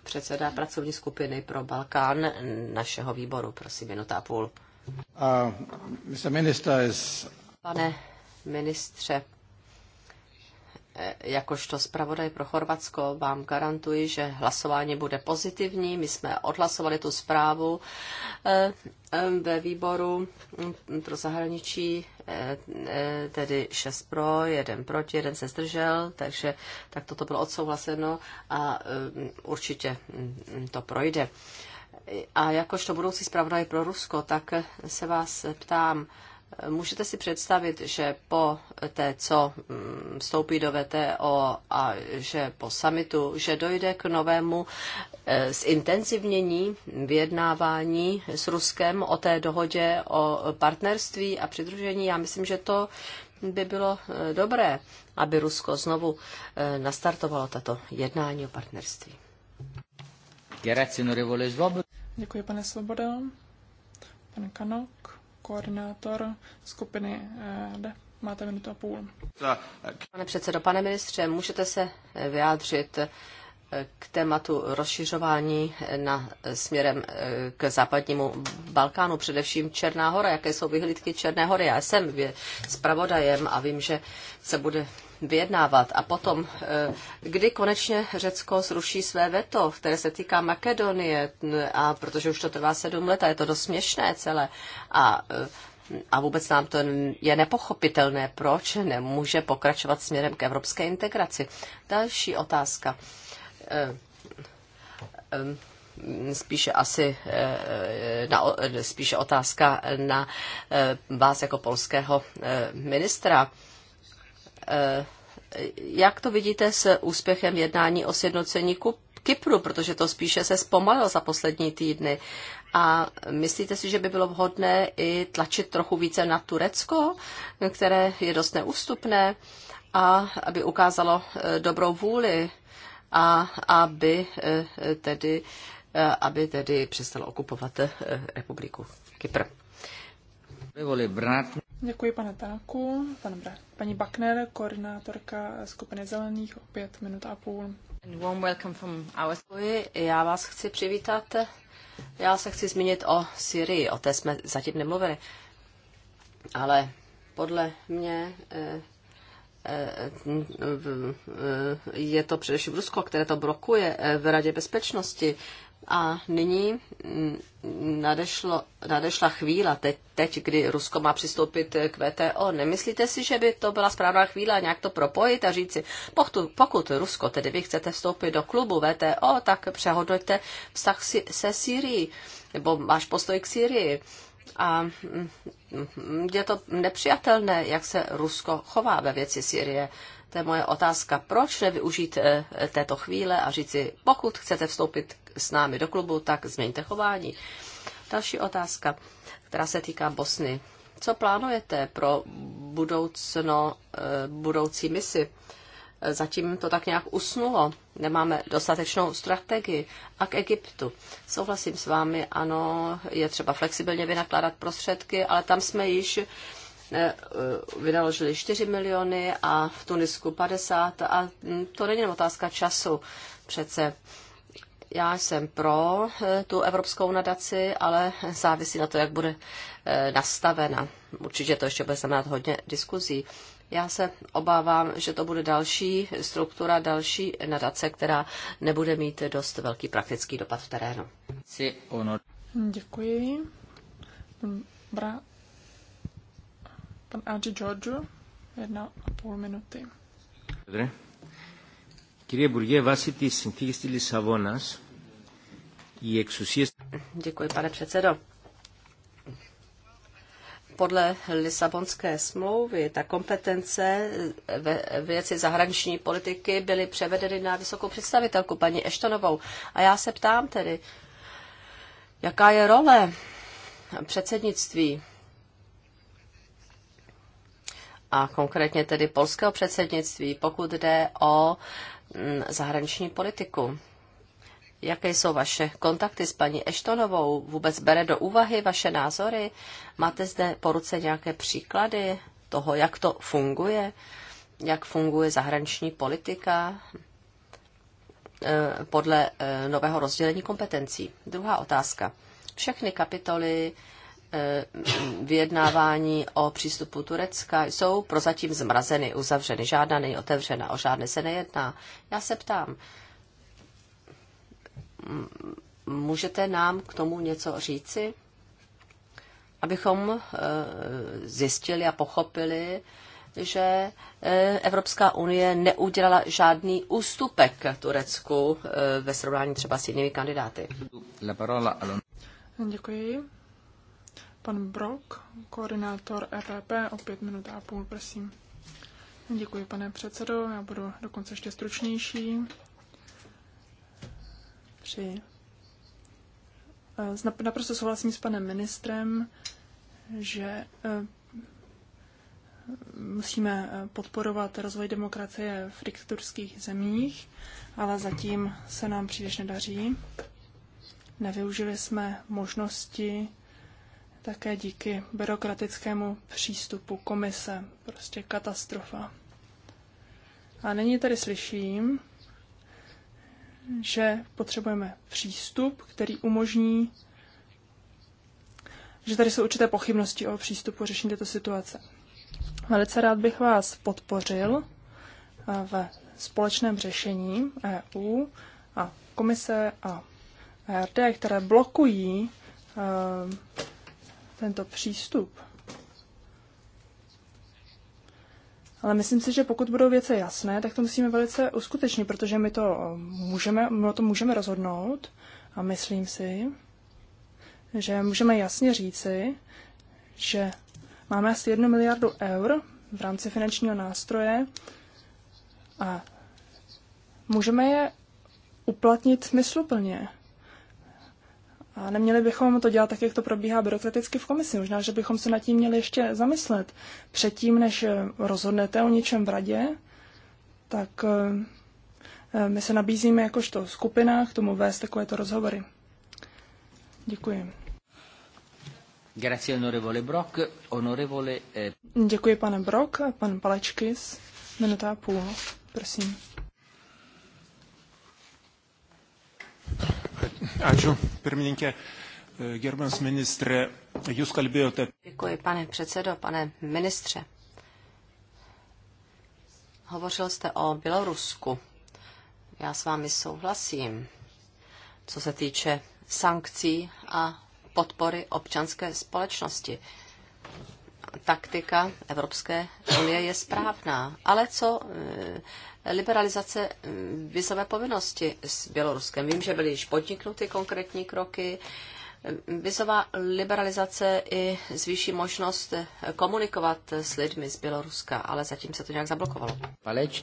předseda pracovní skupiny pro Balkán našeho výboru. Prosím, minuta a půl. Uh, Pane ministře, Eh, jakožto zpravodaj pro Chorvatsko vám garantuji, že hlasování bude pozitivní. My jsme odhlasovali tu zprávu eh, ve výboru mm, pro zahraničí, eh, tedy 6 pro, jeden proti, jeden se zdržel, takže tak toto bylo odsouhlaseno a mm, určitě mm, to projde. A jakožto budoucí zpravodaj pro Rusko, tak se vás ptám, Můžete si představit, že po té, co mm, vstoupí do VTO a že po samitu, že dojde k novému e, zintenzivnění vyjednávání s Ruskem o té dohodě o partnerství a přidružení. Já myslím, že to by bylo e, dobré, aby Rusko znovu e, nastartovalo tato jednání o partnerství. Děkuji, pane Svoboda. pane Kanok koordinátor skupiny eh, D. Máte minutu a půl. Pane předsedo, pane ministře, můžete se eh, vyjádřit eh, k tématu rozšiřování na, směrem k západnímu Balkánu, především Černá hora. Jaké jsou vyhlídky Černé hory? Já jsem zpravodajem a vím, že se bude vyjednávat. A potom, eh, kdy konečně Řecko zruší své veto, které se týká Makedonie, eh, a protože už to trvá sedm let a je to dost směšné celé. A eh, a vůbec nám to je nepochopitelné, proč nemůže pokračovat směrem k evropské integraci. Další otázka. Mm, spíše asi na, spíše otázka na vás jako polského ministra. Eh, jak to vidíte s úspěchem jednání o sjednocení Kypru, protože to spíše se zpomalilo za poslední týdny. A myslíte si, že by bylo vhodné i tlačit trochu více na Turecko, které je dost neústupné, a aby ukázalo eh, dobrou vůli a aby eh, tedy, aby tedy přestalo okupovat republiku Kypr. Děkuji, pane Tanaku, pane Bra. Paní Bakner, koordinátorka skupiny Zelených, opět minuta a půl. Warm welcome from our... Já vás chci přivítat. Já se chci zmínit o Syrii, o té jsme zatím nemluvili. Ale podle mě eh, eh, je to především Rusko, které to blokuje eh, v Radě bezpečnosti a nyní mm, nadešlo, nadešla chvíla, teď, teď, kdy Rusko má přistoupit k VTO. Nemyslíte si, že by to byla správná chvíle nějak to propojit a říci, pokud, pokud Rusko, tedy vy chcete vstoupit do klubu VTO, tak přehodnoťte vztah si, se Syrií, nebo váš postoj k Syrii. A mm, mm, je to nepřijatelné, jak se Rusko chová ve věci Syrie. To je moje otázka. Proč nevyužít eh, této chvíle a říci, pokud chcete vstoupit s námi do klubu, tak změňte chování. Další otázka, která se týká Bosny. Co plánujete pro budoucno, eh, budoucí misi? Eh, zatím to tak nějak usnulo. Nemáme dostatečnou strategii. A k Egyptu. Souhlasím s vámi, ano, je třeba flexibilně vynakládat prostředky, ale tam jsme již uh, Eh, vynaložili 4 miliony a v Tunisku 50 a to není otázka času přece. Já jsem pro eh, tu evropskou nadaci, ale závisí na to, jak bude eh, nastavena. Určitě to ještě bude znamenat hodně diskuzí. Já se obávám, že to bude další struktura, další nadace, která nebude mít dost velký praktický dopad v terénu. Děkuji. Bra- Pan Adži Giorgio, jedna a půl minuty. Dobře. Kyrie Burgě, vasi ty syntíky z Lisabonas, i exusie... Děkuji, pane předsedo. Podle Lisabonské smlouvy ta kompetence ve věci zahraniční politiky byly převedeny na vysokou představitelku paní Eštonovou. A já se ptám tedy, jaká je role předsednictví a konkrétně tedy polského předsednictví, pokud jde o mm, zahraniční politiku. Jaké jsou vaše kontakty s paní Eštonovou? Vůbec bere do úvahy vaše názory? Máte zde po ruce nějaké příklady toho, jak to funguje? Jak funguje zahraniční politika eh, podle eh, nového rozdělení kompetencí? Druhá otázka. Všechny kapitoly Eh, vyjednávání o přístupu Turecka jsou prozatím zmrazeny, uzavřeny. Žádná není otevřena, o žádné se nejedná. Já se ptám, můžete nám k tomu něco říci? Abychom eh, zjistili a pochopili, že eh, Evropská unie neudělala žádný ústupek Turecku ve srovnání třeba s jinými kandidáty. Děkuji. Pan Brok, koordinátor EPP, o pět minut a půl, prosím. Děkuji, pane předsedo. Já budu dokonce ještě stručnější. Při... Eh, naprosto souhlasím s panem ministrem, že eh, musíme eh, podporovat rozvoj demokracie v diktaturských zemích, ale zatím se nám příliš nedaří. Nevyužili jsme možnosti také díky byrokratickému přístupu komise. Prostě katastrofa. A nyní tady slyším, že potřebujeme přístup, který umožní, že tady jsou určité pochybnosti o přístupu řešení této situace. Velice rád bych vás podpořil eh, ve společném řešení EU a komise a RD, které blokují eh, tento přístup. Ale myslím si, že pokud budou věci jasné, tak to musíme velice uskutečnit, protože my to eh, můžeme, my o tom můžeme rozhodnout a myslím si, že můžeme jasně říci, že máme asi jednu miliardu eur v rámci finančního nástroje a můžeme je uplatnit smysluplně. A neměli bychom to dělat tak, jak to probíhá byrokraticky v komisi. Možná, že bychom se nad tím měli ještě zamyslet. Předtím, než eh, rozhodnete o něčem v radě, tak eh, eh, my se nabízíme jakožto skupina k tomu vést takovéto rozhovory. Děkuji. Grazie, onorevole Brock. Onorevole... Děkuji, pane Brock. Pan Palečkis, minuta a půl, prosím. Ačiū, pirmininkė. E, gerbiamas ministře, jūs kalbėjote. Děkuji, pane předsedo, pane ministře. Hovořil jste o Bělorusku. Já s vámi souhlasím, co se týče sankcí a podpory občanské společnosti taktika Evropské unie je správná. Ale co eh, liberalizace hm, vizové povinnosti s Běloruskem? Vím, že byly již podniknuty konkrétní kroky. Hm, Vizová liberalizace i zvýší možnost eh, komunikovat s lidmi z Běloruska, ale zatím se to nějak zablokovalo.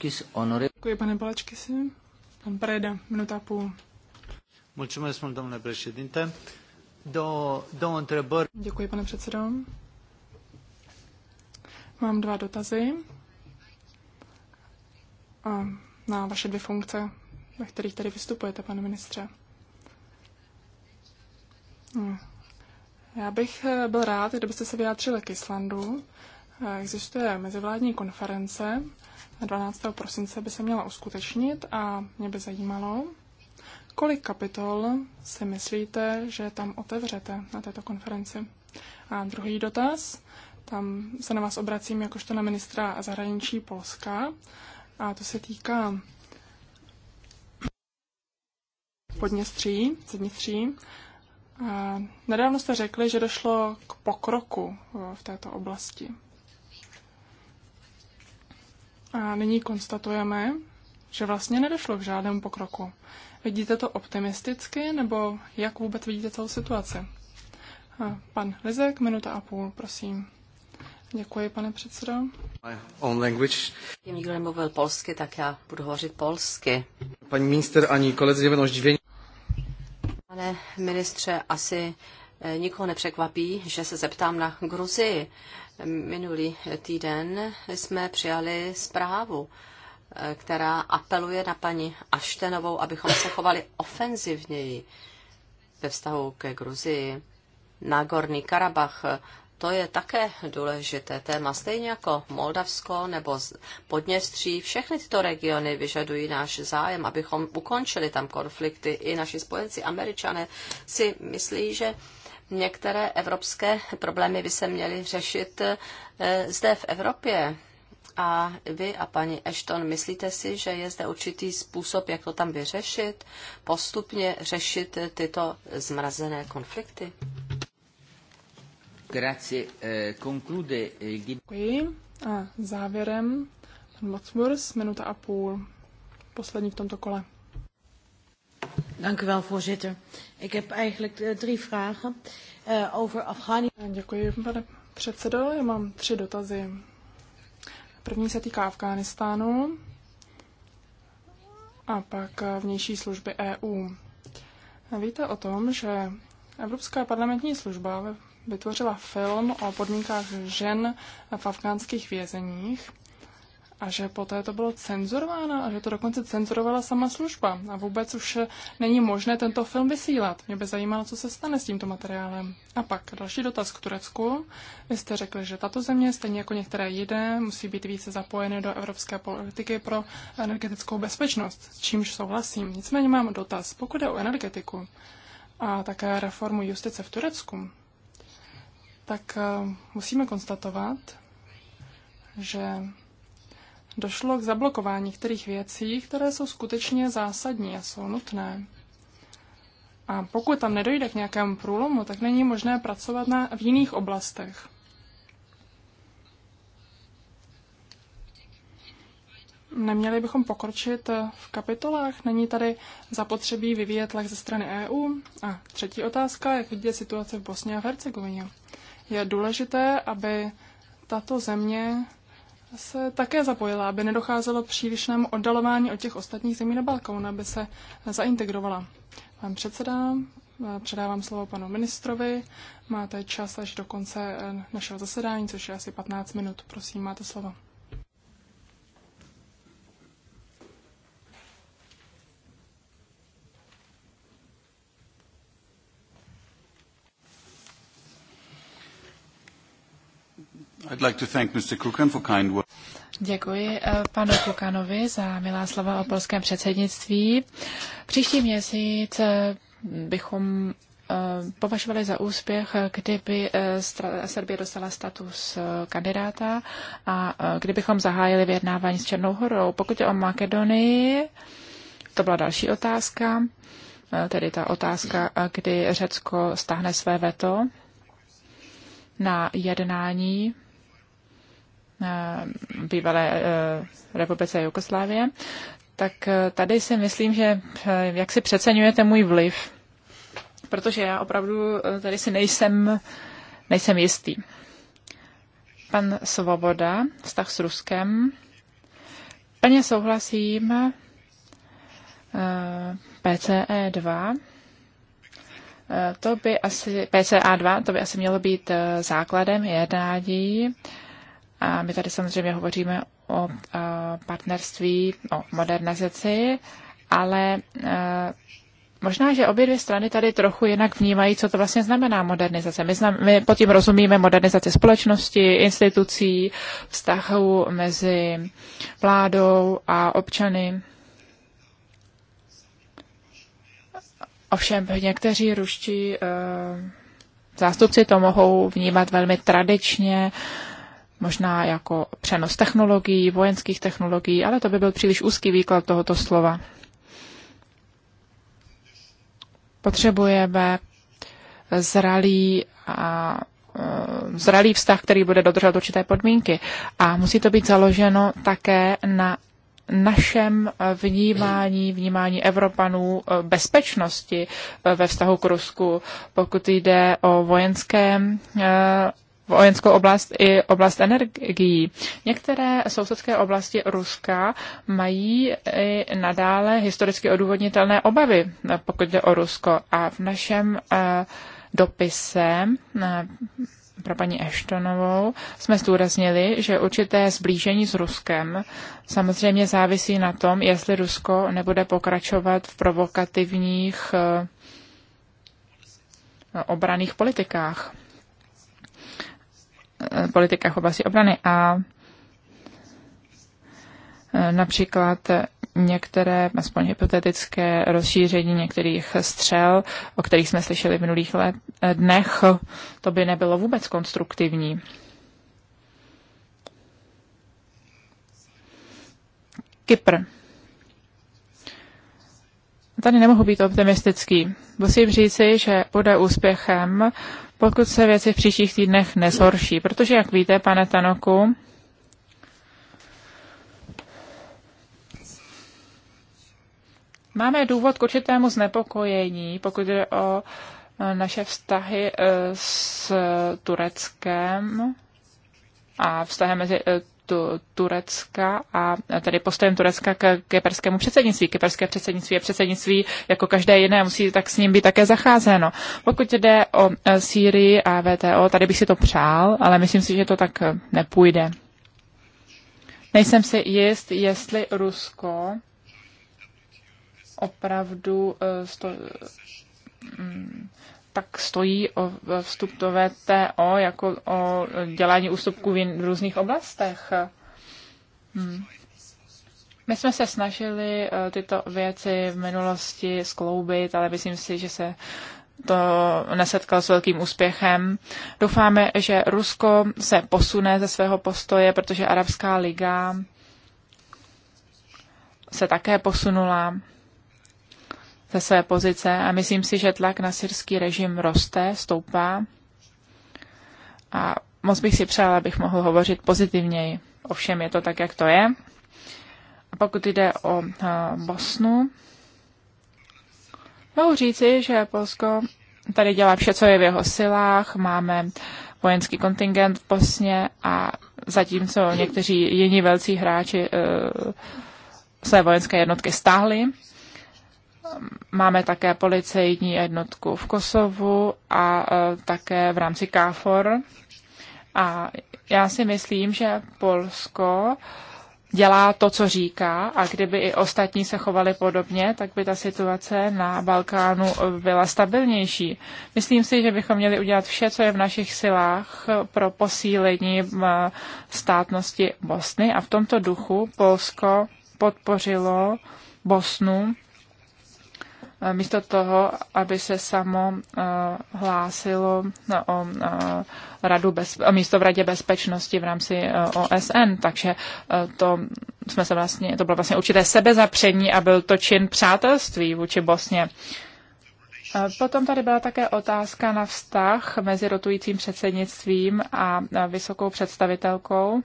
s honory. Děkuji, pane si. Pan Preda, minuta a půl. Mulțumesc mult, domnule președinte. do două întrebări. Děkuji, pane předsedo. Mám dva dotazy na vaše dvě funkce, ve kterých tady vystupujete, pane ministře. Hm. Já bych eh, byl rád, kdybyste se vyjádřili k Islandu. Eh, existuje mezivládní konference, 12. prosince by se měla uskutečnit a mě by zajímalo, kolik kapitol si myslíte, že tam otevřete na této konferenci. A druhý dotaz. Tam se na vás obracím jakožto na ministra zahraničí Polska a to se týká Podněstří, Zadněstří. Nedávno jste řekli, že došlo k pokroku eh, v této oblasti. A nyní konstatujeme, že vlastně nedošlo k žádnému pokroku. Vidíte to optimisticky, nebo jak vůbec vidíte celou situaci? pan Lizek, minuta a půl, prosím. Děkuji, pane předsedo. Own language. Tím nikdo nemluvil polsky, tak já budu hovořit polsky. Paní minister ani koledzy nebudou zdivěni. Pane ministře, asi eh, nikoho nepřekvapí, že se zeptám na Gruzii. Minulý týden jsme přijali zprávu, eh, která apeluje na paní Aštenovou, abychom se chovali ofenzivněji ve vztahu ke Gruzii. Nagorný Karabach to je také důležité téma. Stejně jako Moldavsko nebo Podněstří, všechny tyto regiony vyžadují náš zájem, abychom ukončili tam konflikty. I naši spojenci američané si myslí, že některé evropské problémy by se měly řešit eh, zde v Evropě. A vy a paní Ashton, myslíte si, že je zde určitý způsob, jak to tam vyřešit? Postupně řešit tyto zmrazené konflikty? Grazie. Eh, conclude eh, Děkuji. A závěrem pan Motsmurs, minuta a půl. Poslední v tomto kole. Dank voorzitter. Ik heb eigenlijk eh, drie vragen uh, over Afghanistan. Děkuji, pane předsedo. Já mám tři dotazy. První se týká Afghánistánu a pak vnější služby EU. Víte o tom, že Evropská parlamentní služba vytvořila film o podmínkách žen v afgánských vězeních a že poté to bylo cenzurováno a že to dokonce cenzurovala sama služba a vůbec už není možné tento film vysílat. Mě by zajímalo, co se stane s tímto materiálem. A pak další dotaz k Turecku. Vy jste řekli, že tato země, stejně jako některé jiné, musí být více zapojeny do evropské politiky pro energetickou bezpečnost, s čímž souhlasím. Nicméně mám dotaz, pokud je o energetiku a také reformu justice v Turecku, tak eh, musíme konstatovat, že došlo k zablokování některých věcí, které jsou skutečně zásadní a jsou nutné. A pokud tam nedojde k nějakému průlomu, tak není možné pracovat na, v jiných oblastech. Neměli bychom pokročit eh, v kapitolách? Není tady zapotřebí vyvíjet tlak ze strany EU? A třetí otázka, jak vidět situace v Bosně a Hercegovině? je důležité, aby tato země se také zapojila, aby nedocházelo k přílišnému oddalování od těch ostatních zemí na Balkánu, aby se zaintegrovala. Pan předseda, předávám slovo panu ministrovi. Máte čas až do konce našeho zasedání, což je asi 15 minut. Prosím, máte slovo. I'd like to thank Mr. Kukan for kind words. Děkuji eh, panu Kukanovi za milá slova o polském předsednictví. Příští měsíc eh, bychom eh, považovali za úspěch, kdyby Serbie dostala status kandidáta a kdybychom zahájili vyjednávání s Černou horou. Pokud je o Makedonii, to byla další otázka, tedy ta otázka, kdy Řecko stáhne své veto na jednání Eh, bývalé eh, republice Jugoslávie, tak eh, tady si myslím, že jak si přeceňujete můj vliv, protože já opravdu tady si nejsem, nejsem jistý. Pan Svoboda, vztah s Ruskem. Plně souhlasím, PCE2, to by asi, PCA2, to by asi mělo být základem jednání a my tady samozřejmě hovoříme o partnerství, o modernizaci, ale Možná, že obě dvě strany tady trochu jinak vnímají, co to vlastně znamená modernizace. My, znam, my pod tím rozumíme modernizaci společnosti, institucí, vztahu mezi vládou a občany. Ovšem, někteří ruští e, zástupci to mohou vnímat velmi tradičně, e, možná jako přenos technologií, vojenských technologií, ale to by byl příliš úzký výklad tohoto slova. Potřebujeme zralý a e, zralý vztah, který bude dodržovat určité podmínky. A musí to být založeno také na našem vnímání, vnímání Evropanů e, bezpečnosti e, ve vztahu k Rusku, pokud jde o vojenské vojenskou oblast i oblast energií. Některé sousedské oblasti Ruska mají i nadále historicky odůvodnitelné obavy, pokud jde o Rusko. A v našem eh, dopise eh, pro paní Eštonovou jsme zdůraznili, že určité zblížení s Ruskem samozřejmě závisí na tom, jestli Rusko nebude pokračovat v provokativních eh, obraných politikách. Eh, politikách oblasti obrany a eh, například některé, aspoň hypotetické rozšíření některých střel, o kterých jsme slyšeli v minulých let, eh, dnech, to by nebylo vůbec konstruktivní. Kypr tady nemohu být optimistický. Musím říci, že bude úspěchem, pokud se věci v příštích týdnech nezhorší, protože, jak víte, pane Tanoku, Máme důvod k určitému znepokojení, pokud jde o e, naše vztahy e, s Tureckem a vztahy mezi e, tu, Turecka a tedy postojem Turecka k kyperskému předsednictví. Kyperské předsednictví je předsednictví jako každé jiné, musí tak s ním být také zacházeno. Pokud jde o e, Sýrii a VTO, tady bych si to přál, ale myslím si, že to tak e, nepůjde. Nejsem si jist, jestli Rusko opravdu e, sto, mm, tak stojí o vstup do VTO jako o dělání ústupků v různých oblastech. Hmm. My jsme se snažili eh, tyto věci v minulosti skloubit, ale myslím si, že se to nesetkal s velkým úspěchem. Doufáme, že Rusko se posune ze svého postoje, protože Arabská liga se také posunula ze své pozice a myslím si, že tlak na syrský režim roste, stoupá a moc bych si přála, abych mohl hovořit pozitivněji. Ovšem je to tak, jak to je. A pokud jde o Bosnu, mohu říci, že Polsko tady dělá vše, co je v jeho silách. Máme vojenský kontingent v Bosně a zatímco někteří jiní velcí hráči e, své vojenské jednotky stáhli, Máme také policejní jednotku v Kosovu a e, také v rámci KFOR. A já si myslím, že Polsko dělá to, co říká a kdyby i ostatní se chovali podobně, tak by ta situace na Balkánu byla stabilnější. Myslím si, že bychom měli udělat vše, co je v našich silách pro posílení e, státnosti Bosny a v tomto duchu Polsko podpořilo Bosnu Eh, místo toho, aby se samo eh, hlásilo no, o eh, radu bez, o místo v Radě bezpečnosti v rámci OSN. Takže to, jsme se vlastně, to bylo vlastně určité sebezapření a byl to čin přátelství vůči Bosně. Potom tady byla také otázka na vztah mezi rotujícím předsednictvím a vysokou představitelkou.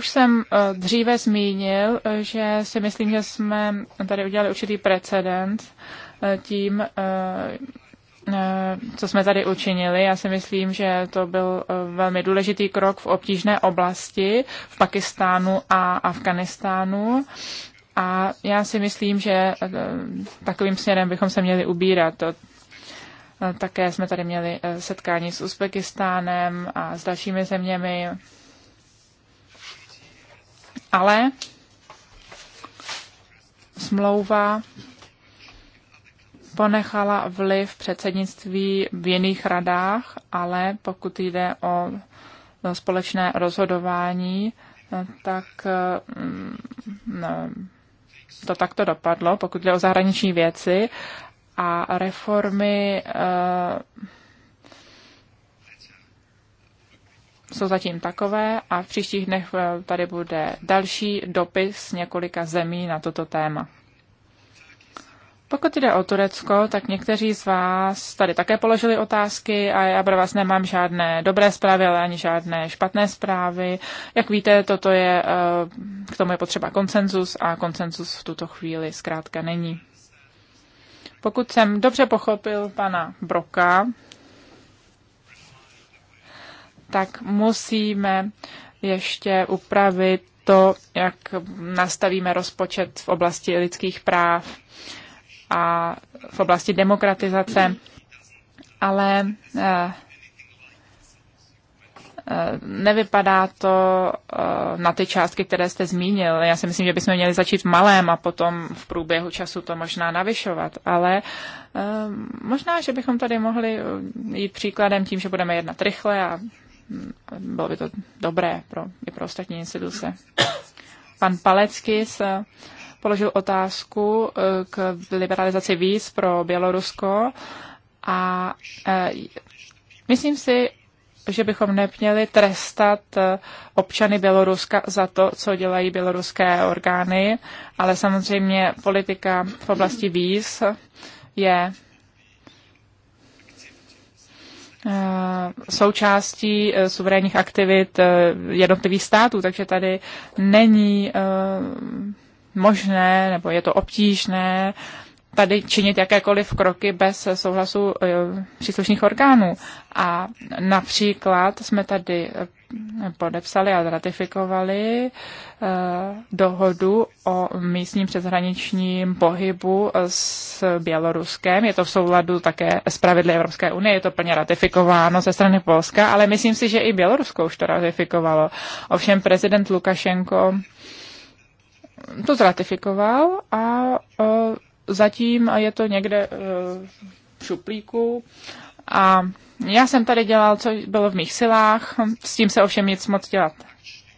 Už jsem eh, dříve zmínil, eh, že si myslím, že jsme tady udělali určitý precedent eh, tím, co jsme tady učinili. Já si myslím, že to byl velmi důležitý krok v obtížné oblasti v Pakistánu a Afganistánu. A já si myslím, že takovým směrem bychom se měli ubírat. Také jsme tady měli setkání s Uzbekistánem a s dalšími zeměmi ale smlouva ponechala vliv předsednictví v jiných radách, ale pokud jde o společné rozhodování, tak mm, no, to takto dopadlo, pokud jde o zahraniční věci a reformy eh, jsou zatím takové a v příštích dnech eh, tady bude další dopis několika zemí na toto téma. Pokud jde o Turecko, tak někteří z vás tady také položili otázky a já pro vás nemám žádné dobré zprávy, ale ani žádné špatné zprávy. Jak víte, toto je, eh, k tomu je potřeba konsenzus a konsenzus v tuto chvíli zkrátka není. Pokud jsem dobře pochopil pana Broka, tak musíme ještě upravit to, jak nastavíme rozpočet v oblasti lidských práv a v oblasti demokratizace. Ale eh, eh, nevypadá to eh, na ty částky, které jste zmínil. Já si myslím, že bychom měli začít malém a potom v průběhu času to možná navyšovat, ale možná, že bychom tady mohli jít příkladem tím, že budeme jednat rychle a bylo by to dobré pro, i pro ostatní instituce. Pan Palecký se položil otázku eh, k liberalizaci víz pro Bělorusko a eh, myslím si, že bychom neměli trestat eh, občany Běloruska za to, co dělají běloruské orgány, ale samozřejmě politika v oblasti víz je Eh, součástí eh, suverénních aktivit eh, jednotlivých států, takže tady není možné, nebo je to obtížné tady činit jakékoliv kroky bez souhlasu eh, příslušných orgánů. A například jsme tady eh, podepsali a ratifikovali eh, dohodu o místním přeshraničním pohybu s Běloruskem. Je to v souladu také s pravidly Evropské unie, je to plně ratifikováno ze strany Polska, ale myslím si, že i Bělorusko už to ratifikovalo. Ovšem prezident Lukašenko to zratifikoval a zatím a je to někde eh, v šuplíku. A já jsem tady dělal, co bylo v mých silách, s tím se ovšem nic moc dělat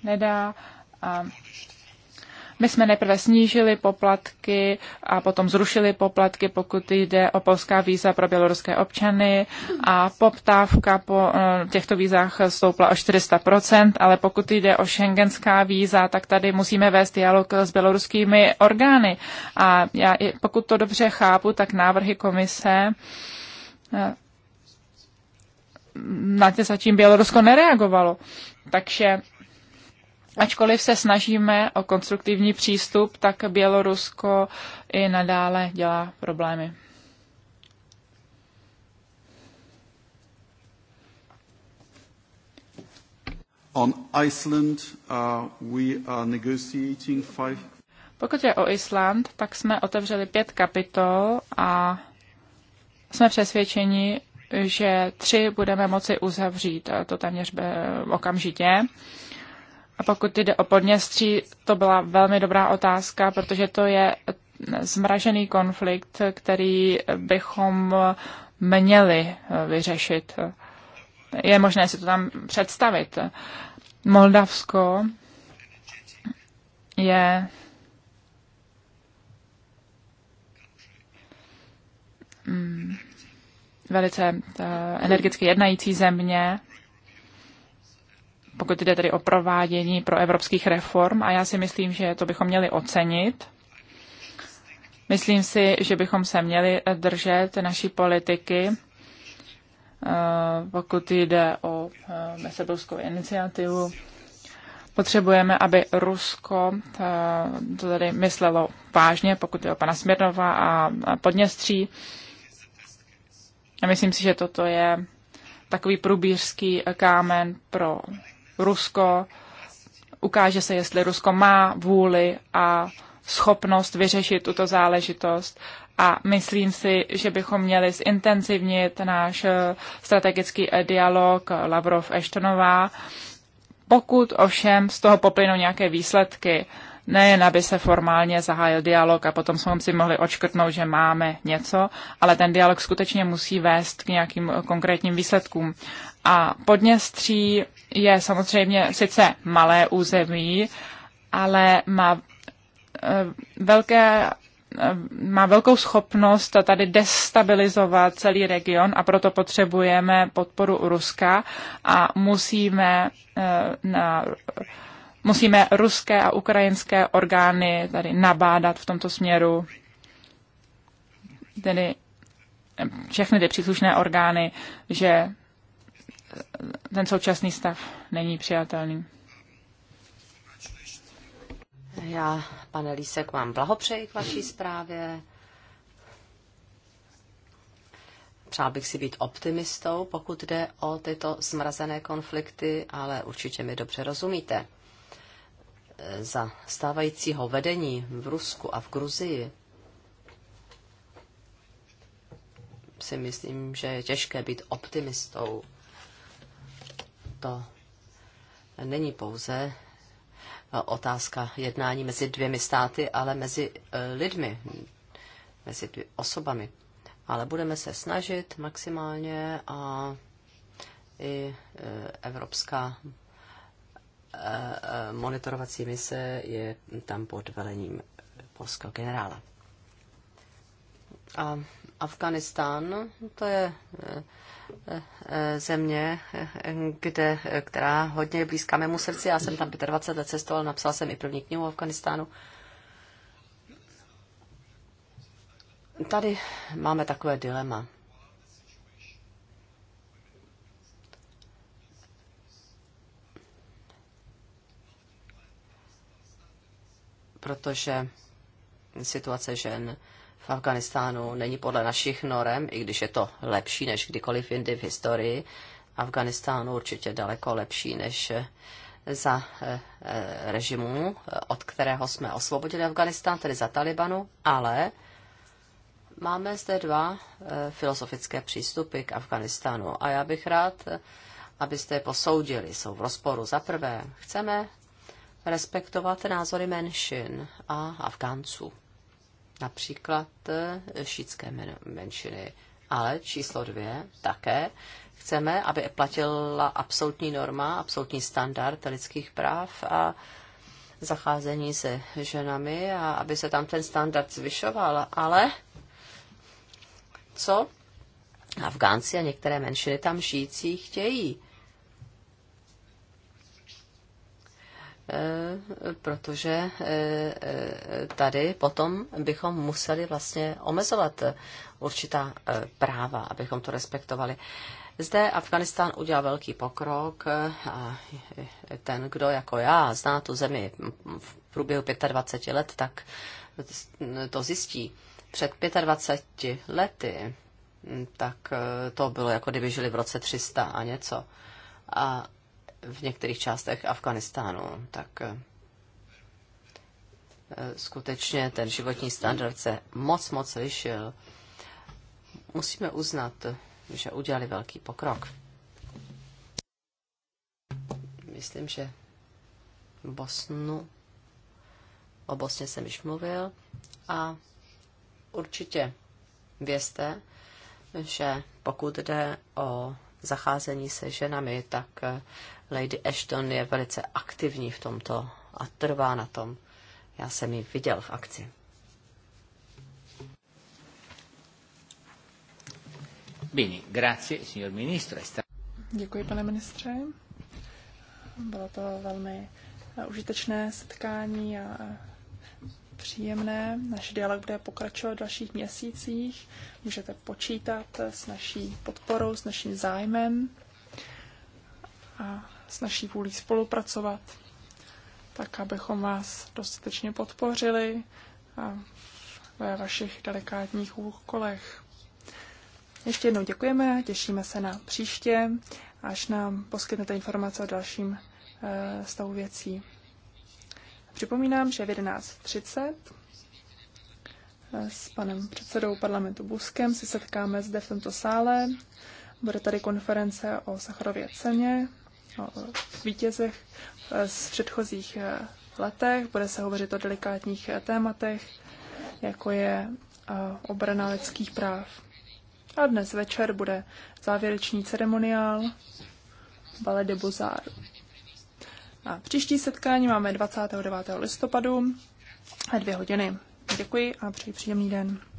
nedá. A my jsme nejprve snížili poplatky a potom zrušili poplatky, pokud jde o polská víza pro běloruské občany a poptávka po eh, těchto vízách stoupla o 400%, ale pokud jde o šengenská víza, tak tady musíme vést dialog s běloruskými orgány. A já, pokud to dobře chápu, tak návrhy komise eh, na tě zatím Bělorusko nereagovalo. Takže Ačkoliv se snažíme o konstruktivní přístup, tak Bělorusko i nadále dělá problémy. On Iceland, uh, we are negotiating five... Pokud je o Island, tak jsme otevřeli pět kapitol a jsme přesvědčeni, že tři budeme moci uzavřít, a to téměř okamžitě. Uh, a pokud jde o Podněstří, to byla velmi dobrá otázka, protože to je zmražený konflikt, který bychom měli vyřešit. Je možné si to tam představit. Moldavsko je mm, velice energicky jednající země pokud jde tedy o provádění pro evropských reform a já si myslím, že to bychom měli ocenit. Myslím si, že bychom se měli držet naší politiky, eh, pokud jde o eh, mesebovskou iniciativu. Potřebujeme, aby Rusko eh, to tady myslelo vážně, pokud je o pana Smirnova a Podněstří. A myslím si, že toto je takový průbířský kámen pro Rusko. Ukáže se, jestli Rusko má vůli a schopnost vyřešit tuto záležitost. A myslím si, že bychom měli zintenzivnit náš eh, strategický eh, dialog Lavrov-Eštonová, pokud ovšem z toho poplynou nějaké výsledky nejen aby se formálně zahájil dialog a potom jsme si mohli očkrtnout, že máme něco, ale ten dialog skutečně musí vést k nějakým eh, konkrétním výsledkům. A Podněstří je samozřejmě sice malé území, ale má eh, velké eh, má velkou schopnost tady destabilizovat celý region a proto potřebujeme podporu Ruska a musíme, eh, na, musíme ruské a ukrajinské orgány tady nabádat v tomto směru, tedy všechny ty příslušné orgány, že ten současný stav není přijatelný. Já, pane Lísek, vám blahopřeji k vaší zprávě. Přál bych si být optimistou, pokud jde o tyto zmrazené konflikty, ale určitě mi dobře rozumíte. Za stávajícího vedení v Rusku a v Gruzii si myslím, že je těžké být optimistou to není pouze e, otázka jednání mezi dvěmi státy, ale mezi e, lidmi, mezi dvě osobami. Ale budeme se snažit maximálně a i e, Evropská monitorovací mise je tam pod velením polského generála. A Afganistán, to je země, kde, která hodně je blízká mému srdci. Já jsem tam 25 let cestoval, napsal jsem i první knihu o Afganistánu. Tady máme takové dilema. Protože situace žen v Afganistánu není podle našich norem, i když je to lepší než kdykoliv jindy v historii. Afganistánu určitě daleko lepší než eh, za eh, eh, režimu, od kterého jsme osvobodili Afganistán, tedy za Talibanu, ale máme zde dva filozofické přístupy k Afganistánu a já bych rád, abyste je posoudili. Jsou v rozporu. Za prvé, chceme respektovat názory menšin a Afgánců například eh, šítské menšiny. Ale číslo dvě také chceme, aby platila absolutní norma, absolutní standard lidských práv a zacházení se ženami a aby se tam ten standard zvyšoval. Ale co Afgánci a některé menšiny tam žijící chtějí? Eh, protože eh, eh, tady potom bychom museli vlastně omezovat určitá práva, abychom to respektovali. Zde Afganistán udělal velký pokrok a ten, kdo jako já zná tu zemi v průběhu 25 let, tak to zjistí. Před 25 lety mm, tak to bylo jako kdyby žili v roce 300 a něco. A v některých částech Afganistánu, tak eh, skutečně ten životní standard se moc, moc lišil. Musíme uznat, že udělali velký pokrok. Myslím, že Bosnu, o Bosně jsem již mluvil a určitě vězte, že pokud jde o zacházení se ženami, tak eh, Lady Ashton je velice aktivní v tomto a trvá na tom. Já jsem ji viděl v akci. Bene, grazie, signor ministro. Děkuji, pane ministře. Bylo to velmi užitečné setkání a příjemné. Naš dialog bude pokračovat v dalších měsících. Můžete počítat s naší podporou, s naším zájmem. A s naší vůlí spolupracovat, tak abychom vás dostatečně podpořili ve vašich delikátních úkolech. Ještě jednou děkujeme těšíme se na příště, až nám poskytnete informace o dalším e, stavu věcí. Připomínám, že v 11.30 e, s panem předsedou parlamentu Buskem se setkáme zde v tomto sále. Bude tady konference o Sacharově ceně vítězech eh, z předchozích eh, letech. Bude se hovořit o delikátních eh, tématech, jako je obrana lidských práv. A dnes večer bude závěrečný ceremoniál Ballet de Bozár. A příští setkání máme 29. listopadu a dvě hodiny. Děkuji a přeji příjemný den.